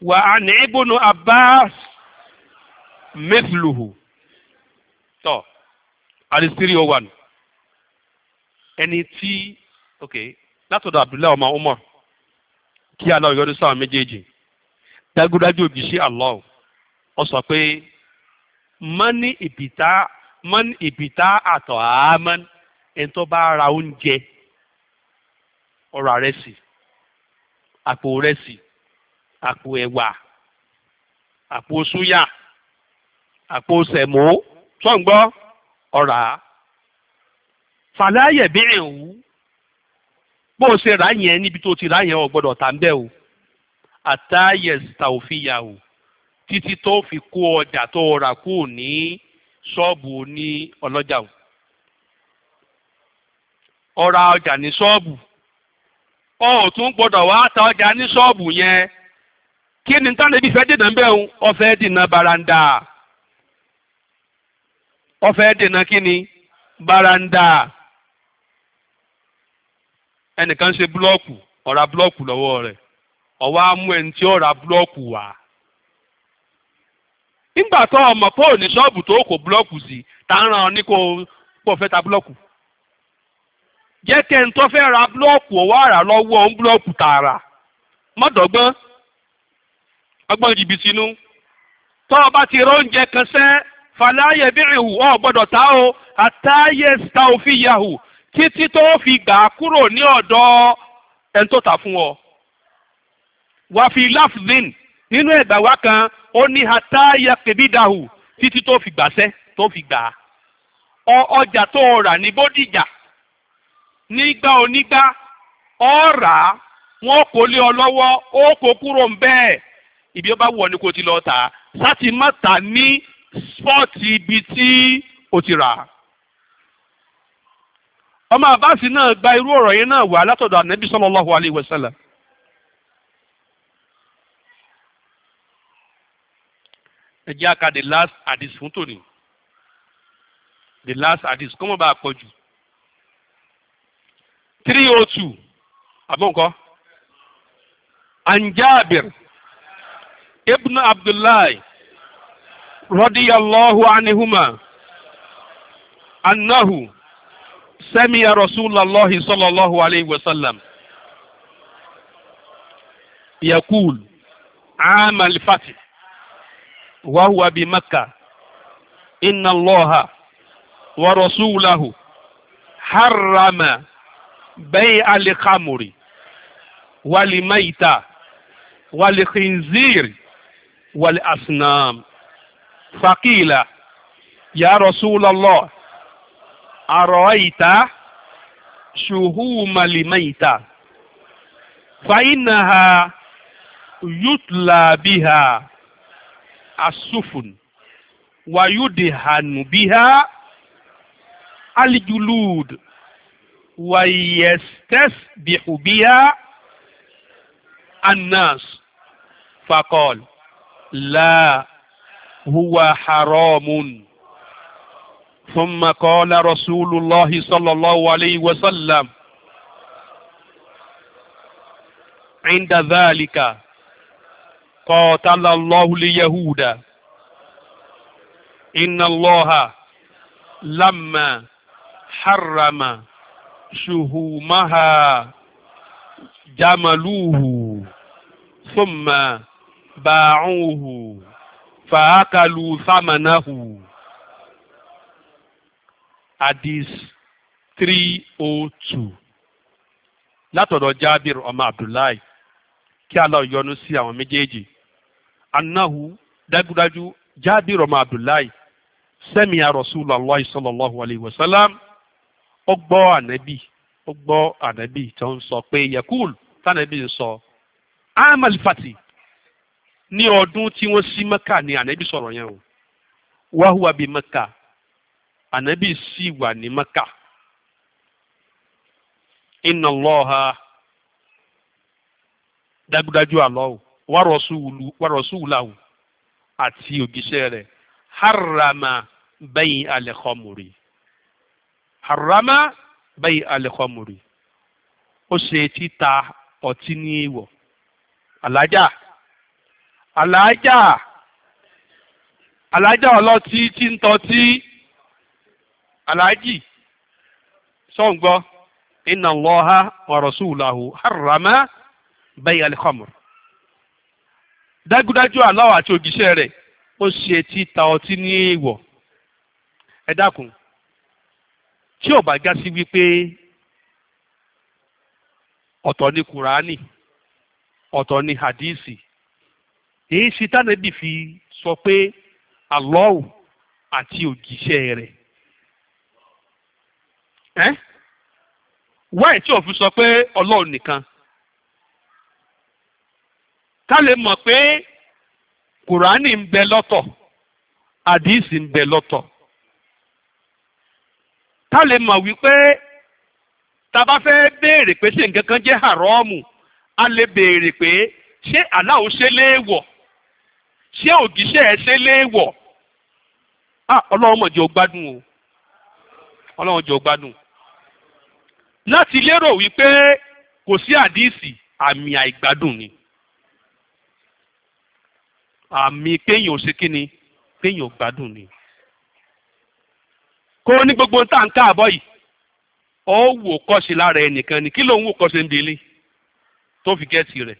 wa an ibnu abbas mithluhu tọ́ àdìs three oh one ẹni tí ok látọ̀dọ̀ abdullahi ọmọ umar kí aláwọ̀ yọdún sáwọn méjèèjì dágúdájú òjíṣẹ́ Allah ọ sọ pé mọ́ni ìbìtá mọ́ni ìbìtá àtọ̀ àámọ́n ẹni tó bá ra oúnjẹ ọ̀rọ̀ àrẹsì àpò rẹsì àpò ẹ̀wà àpò súyà. àpò sẹ̀mó sọ̀ǹgbọ́ ọ̀rà fàlàyé bíi ìhù bó o ṣe rà yẹn níbi tó ti rà yẹn o gbọ́dọ̀ tà ń bẹ̀ o àtàyẹ̀sítà òfin yà o títí tó fi kó ọjà tó rà kú ní ṣọ́ọ̀bù ní ọlọ́jà o ọ̀rà ọjà ní ṣọ́ọ̀bù ọ ò tún gbọ́dọ̀ wá ta ọjà ní ṣọ́ọ̀bù yẹn kí ni tánàbí fẹ́ dènà ń bẹ̀ o ọ fẹ́ dènà baranda. ó fẹ́ dènà kíni baranda ẹnìkan ṣe búlọ́ọ̀kù ó ra búlọ́ọ̀kù lọ́wọ́ rẹ̀ ó wá mú ẹni tí ó ra búlọ́ọ̀kù wà. nígbà tó ọmọ pé ò ní ṣọ́ọ̀bù tó kò búlọ́ọ̀kù sí tá ń ràn ní kó pọ̀ fẹ́ ta búlọ́ọ̀kù. jẹ́ kẹ́ni tó fẹ́ ra búlọ́ọ̀kù ó wá lọ́wọ́ òun búlọ́ọ̀kù tààrà mọ́dọ̀gbọ́n ọgbọ́n jìbìtì inú bá ti rọ oúnjẹ kan fàlàyé bírihu ọ̀ gbọ́dọ̀ ta o àtàyè ta ò fi yahù títí tó fi gbà á kúrò ní ọ̀dọ̀ ẹni tó tà fún ọ. wàfi láfdín nínú ẹ̀gbà wa kan ó ní àtàyè kébídàhù títí tó fi gbàṣẹ́ tó fi gbà á. ọjà tó rà ní bódìjà nígbà onígbà ọ̀ rà á wọ́n kò lé ọ lọ́wọ́ ó kò kúrò ń bẹ́ẹ̀ ibi ó bá ni kò ti lọ tà á sátì má tà ní spọ́ọ̀tì ibi tí o ti rà ọmọ àbáàsì náà gba irú ọ̀rọ̀ yẹn náà wà látọ̀dọ̀ ànábì sallallahu alaihi wasallam ẹ jẹ́ aka the last hadith fún tòní the last hadith kọ́mọ̀ bá a pọ̀ jù three oh two àbọ̀nkọ́ an ibn Abdullahi. رضي الله عنهما أنه سمع رسول الله صلى الله عليه وسلم يقول عام الفتح وهو بمكة إن الله ورسوله حرم بيع الخمر والميتة والخنزير والأصنام فقيل يا رسول الله أرأيت شهوم الميت فإنها يتلى بها السفن ويدهن بها الجلود ويستسبح بها الناس فقال لا هو حرام ثم قال رسول الله صلى الله عليه وسلم عند ذلك قاتل الله اليهود إن الله لما حرم شهومها جملوه ثم باعوه faakalu famanahu hadith 302 oh two látọ̀dọ̀ jábìr ọmọ abdullahi kí Allah yọ́nú sí àwọn méjèèjì anahu dájúdájú jábìr ọmọ abdullahi sẹ́miya rasulallah sallallahu alayhi wa sallam ó gbọ́ ànábì ó gbọ́ ànábì tó ń sọ pé yakul tánàbì ń sọ amal ní ọdún tí wọ́n sí mẹ́kà ni ànábì sọ̀rọ̀ yẹn o wáhùwà bíi mẹ́kà ànábì sì wà ní mẹ́kà inna Allaha dájúdájú àlọ́ o wárọ̀súwùláwù àti ògìṣẹ́ rẹ̀ harama bẹ́yìn alẹ́kọ̀mùrì harama bẹ́yìn alẹ́kọ̀mùrì ó ṣe títa ọtí ní ìwọ̀ alájà. àlàájà àlàájà ọlọ́tí tí ń tọ́tí àlàájì sọ̀ǹgbọ́ inna Allaha wa rasulahu harrama bay'a al-khamr dájúdájú Allah àti òjíṣẹ́ rẹ ó ṣe títa ọtí ní èèwọ̀ ẹ dákun tí ò bá já sí wípé ọtọ ni kùránì ọ̀tọ̀ ni hadísì èyí ṣe tánàbì fi sọ pé Allahu àti òjíṣẹ́ rẹ̀ ẹ́ wáyé tí òfin sọ pé Ọlọ́run nìkan ká lè mọ̀ pé Kùránì ń bẹ lọ́tọ̀ àdìsí ń bẹ lọ́tọ̀ ká lè mọ̀ wípé tá a fẹ́ béèrè pé ṣé nǹkan kan jẹ́ haramu a lè béèrè pé ṣé Allah ṣe léèwọ̀ ṣé ògìṣẹ́ ẹ ṣe ah ọlọ́run mọ̀ jẹ́ ó gbádùn o ọlọ́run jẹ́ ó gbádùn láti lérò wípé kò sí àdíìsì àmì àìgbádùn ni àmì kéèyàn ò ṣe kí ni kéèyàn ò gbádùn ni kó ní gbogbo ń tà ń káàbọ̀ yìí ọ wò kọ́ṣe lára ẹnìkan ni kí ló ń wò kọ́ṣe ń délé tó fi gẹ́ẹ̀sì rẹ̀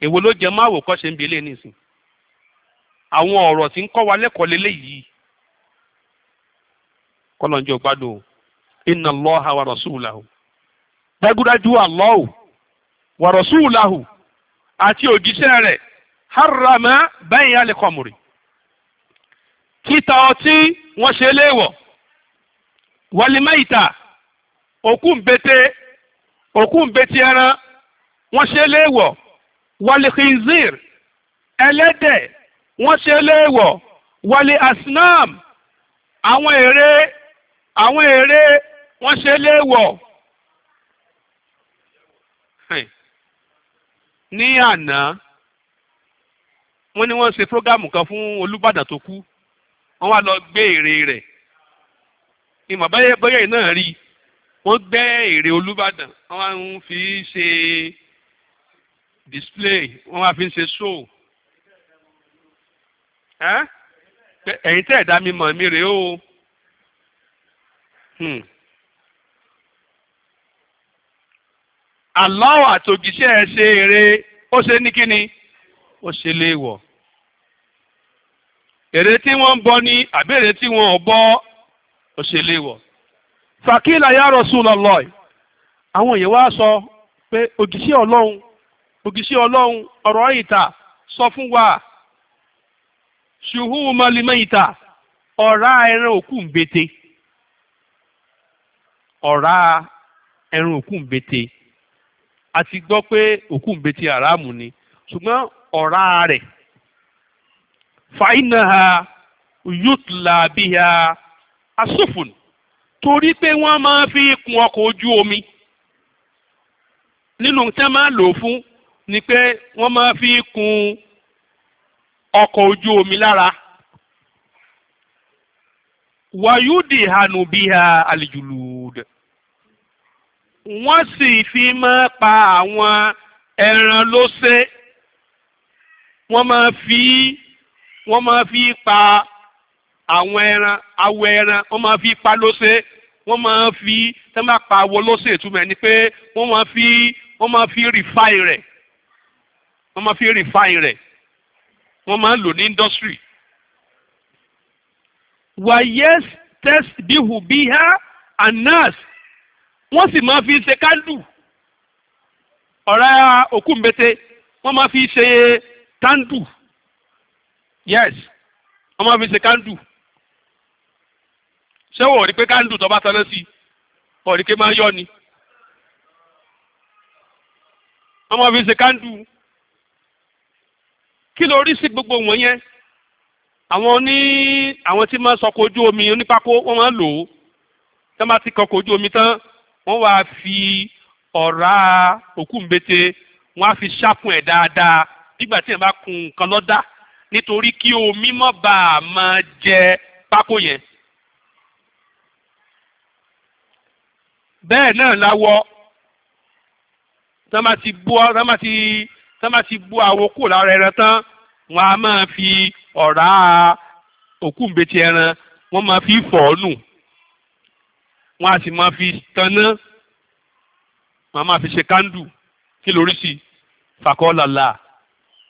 èwo ló jẹ máa kọ́ ṣe ń bi eléyìí nìsín àwọn ọ̀rọ̀ tí ń kọ́ wa lẹ́kọ̀ọ́ lélẹ́yìí kọ́lọ́njọ́ gbádùn o inna Allaha wa rasulahu dágúdájú Allahu wa rasulahu àti òjíṣẹ́ rẹ̀ harama bẹ́yìn alẹ́kọ̀mùrì ọtí wọ́n ṣe léèwọ̀ òkú ń bete òkú ń bete wàlìkìnzir ẹlẹ́dẹ̀ wọ́n ṣe léèwọ̀ wàlì asinam àwọn ère àwọn ère wọ́n ṣe léèwọ̀. ní àná wọ́n ní wọ́n ṣe prógámù kan fún Olúbàdàn tó kú wọ́n wá lọ gbé ère rẹ̀ ìmọ̀ bẹ́yẹ̀ bẹ́yẹ̀ náà rí wọ́n gbẹ́ ère Olúbàdàn wọ́n wá ń fi ṣe display wọ́n máa fi ń ṣe show ẹ̀yin tẹ́ ẹ̀dá mi mọ̀ mi rèé o. Hmm. Allah àtòjíṣẹ́ ẹ ṣe eré ó ṣe ní kíni ó ṣe léèwọ̀. èrè tí wọ́n ń bọ ní àbẹ̀rẹ̀ tí wọ́n ò bọ́ ó ṣe léèwọ̀. fàkìlà ya Rasulullah àwọn èèyàn wá sọ pé òjíṣẹ́ ọlọ́run ògìṣẹ́ ọlọ́run ọ̀rọ̀ ìta sọ fún wa ṣùhú mọ́límọ́ ìta ọ̀rá ẹran òkú ń bete ọ̀rá ẹran òkú ń bete a ti gbọ́ pé òkú ń bete àràmù ni ṣùgbọ́n ọ̀rá rẹ̀ fàínà ha yútùlà bí ha asófùn torí pé wọ́n máa fi kun ọkọ̀ ojú omi nínú tí máa lò fún ni pé wọ́n máa fi kun ọkọ̀ ojú omi lára wàyúdì hànú bíhà àlìjùlùdù wọ́n sì fi máa pa àwọn ẹran lóṣè wọ́n máa fi wọ́n máa fi pa àwọn ẹran awọ ẹran wọ́n máa fi pa lóṣè wọ́n máa fi tẹ́ pa awọ lóṣè túmọ̀ ẹni pé wọ́n máa fi wọ́n máa fi rìfáì rẹ̀ wọ́n máa fi refine rẹ̀ wọ́n máa ń lò ní industry. wàyẹ́s test bihu biha anas wọ́n sì máa fi ṣe kándù ọ̀rá òkúńbẹ́tẹ́ wọ́n máa fi ṣe tándù yes wọ́n máa fi ṣe kándù ṣé wọ́n rí pé kándù tó bá taná sí ọ̀rí pé máa yọ ni wọ́n máa fi ṣe kándù kí ló rí sí gbogbo wọn yẹn àwọn ní àwọn tí máa ń sọkò ojú omi onípákó wọ́n máa ń lò ó tí wọ́n bá ti kọkò ojú omi tán wọ́n wá fi ọ̀rá òkú mbete wọ́n á fi ṣàkun ẹ̀ dáadáa nígbà tí wọ́n bá kun nǹkan lọ́dà nítorí kí omi má bàa máa jẹ pákó yẹn. bẹ́ẹ̀ náà láwọ tí wọ́n bá ti bọ́ tí wọ́n bá ti tán bá ti bu àwo kúrò lára ẹran tán wọ́n á máa fi ọ̀rá òkúńbetì ẹran wọ́n máa fi fọ̀ ọ́ nù wọ́n á sì máa fi tanná wọ́n á máa fi ṣe kándù kí lórí sí i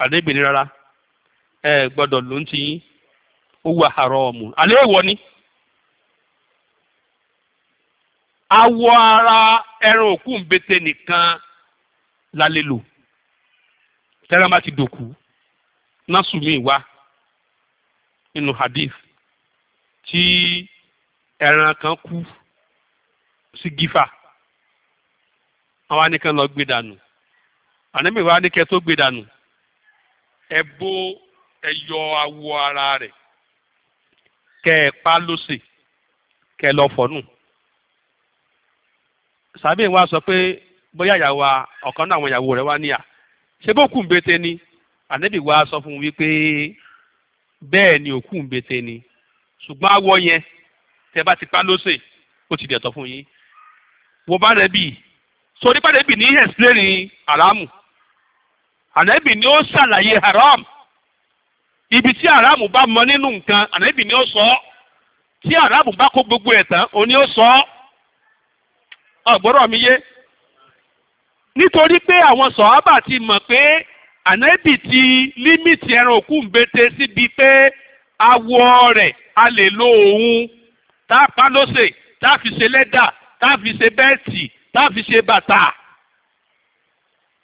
àdébìnrin rárá ẹ gbọ́dọ̀ ló ń ti yín ó wà haramu alẹ́ èèwọ̀ ni. awọ ara ẹran òkúńbetì nìkan la lè lò tẹ́lá bá ti dòkú násù mi wá nínú hadith tí ẹran kan kú sí gífà àwọn anìkan lọ gbé dànù ànábì wa ní kẹ tó gbé dànù ẹ bó ẹ yọ awọ ara rẹ̀ kẹ ẹ pa lóṣè kẹ lọ fọnù sàbẹ̀ wa sọ pé bóyá ìyàwó ọ̀kan náà àwọn ìyàwó rẹ̀ wá níyà ṣé bó kù ń bete ni ànábì wa sọ fún un wípé bẹ́ẹ̀ ni òkú ń bete ni ṣùgbọ́n awọ yẹn tẹ bá ti pa lóṣè ó ti dẹ̀tọ̀ fún yín wo bá rẹ̀ bì sórí bá rẹ̀ bì ní explain haramu ànábì ni ó ṣàlàyé haram ibi tí haramu bá mọ nínú nǹkan ànábì ni ó sọ ọ́ tí haramu bá kó gbogbo ẹ̀ tán òun ni ó sọ ọ́ ọ̀gbọ́rọ̀ mi yé nítorí pé àwọn sọ̀hábà ti mọ̀ pé ànábì ti límìtì ẹran òkú ńbete síbi pé awọ rẹ̀ a lè lo òun tá a pa lóṣè tá a fi ṣe lẹ́dà tá a fi ṣe bẹ́ẹ̀tì tá a fi ṣe bàtà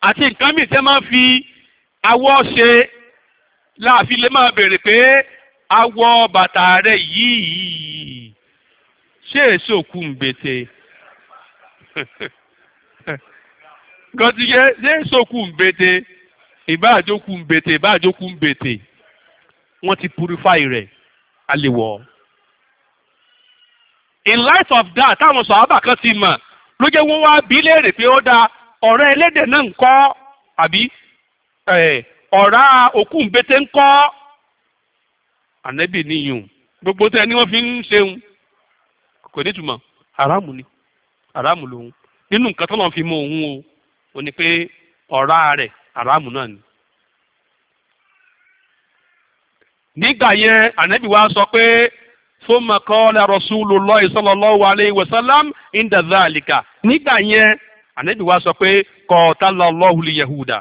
àti nǹkan mìíràn máa fi awọ ṣe láàfin lè máa béèrè pé awọ bàtà rẹ̀ yìí ṣé èso òkú ńbete. nǹkan ti yẹ ṣé sókù ń bete ìbá àjókù ń bete ìbá àjókù ń bete wọ́n ti purify rẹ̀ a in light of that táwọn sọ̀hábà kan ti mọ̀ ló jẹ́ wọ́n wá bí léèrè pé ó da ọ̀rẹ́ ẹlẹ́dẹ̀ náà ń kọ́ àbí ọ̀rá òkú ń bete ń kọ́ ànẹ́bì níyùn gbogbo tẹ́ ni wọ́n fi ń ṣeun kò ní túmọ̀ haramu ni haramu lòun nínú nǹkan tó lọ́n fi mọ òun o ó ní pé ọ̀rá rẹ̀ àràmù náà ni. nígbà yẹn ànábì wa sọ pé thumma qala Rasulullahi sallallahu alayhi wa sallam inda dhalika nígbà yẹn ànábì wa sọ pé qatalallahu al-yahuda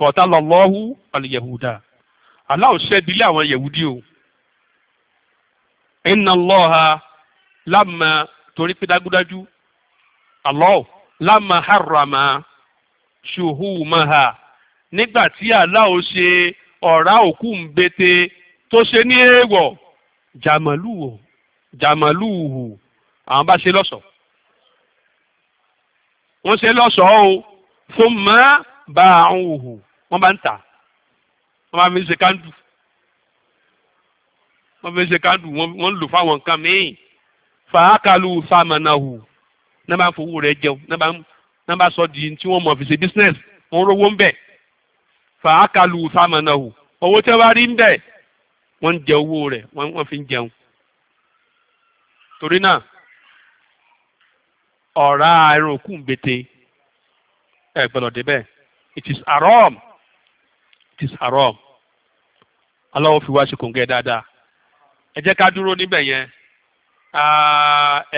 qatalallahu al-yahuda aláwọ̀ ṣẹ́bílẹ̀ àwọn yahudi o inna Allaha lamma torí pé dágúdájú Allah lámà harama ṣùhùmáha nígbà tí Allah ó ṣe ọ̀rá òkú ń bété tó ṣe ní èèwọ̀ jàmàlúhù jàmàlúhù àwọn bá ṣe lọ́sọ̀ọ́ wọ́n ṣe lọ́sọ̀ọ́ o fún mọ́ bá àwọn òhù wọ́n bá ń tà wọ́n bá fi ṣe kándù wọ́n fi ṣe kándù wọ́n lò fáwọn nǹkan míì fàákàlù sàmànàhù náà bá ń fowó rẹ̀ jẹun náà bá sọ di tí wọ́n mọ̀ fi ṣe business wọ́n rówó ń bẹ̀ fàákàlù sàmọ̀nàwò owó tí wọ́n rí ń bẹ̀ wọ́n ń jẹ owó rẹ̀ wọ́n fi ń jẹun. torí náà ọ̀rá ẹran òkú ń gbọ́dọ̀ débẹ̀ it is haram it is haram aláwọ̀ fi wá ṣe kòǹgẹ́ dáadáa ẹ jẹ́ ká dúró níbẹ̀ yẹn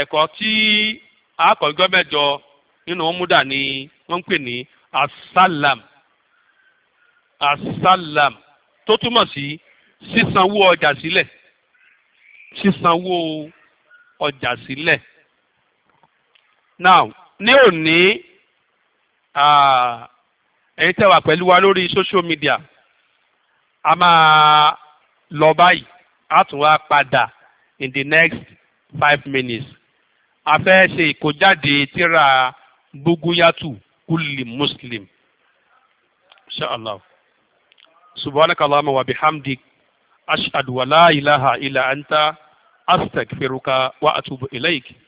ẹ̀kọ́ tí àkọ́jọ́ mẹ́jọ nínú múdà ni wọ́n ń pè ní asálàm asálàm tó túmọ̀ sí sísanwó ọjà sílẹ̀ sísanwó ọjà sílẹ̀ now ní òní ẹ̀yin tẹ́ wà pẹ̀lú wa lórí social media a máa lọ báyìí a tún wá padà in the next five minutes. a fẹ́ ṣe ìkójáde tíra buguyatu kúlì muslim inshallah subhanaka allahumma wa bihamdik ashhadu wa la ilaha illa anta astaghfiruka wa atubu ilayk.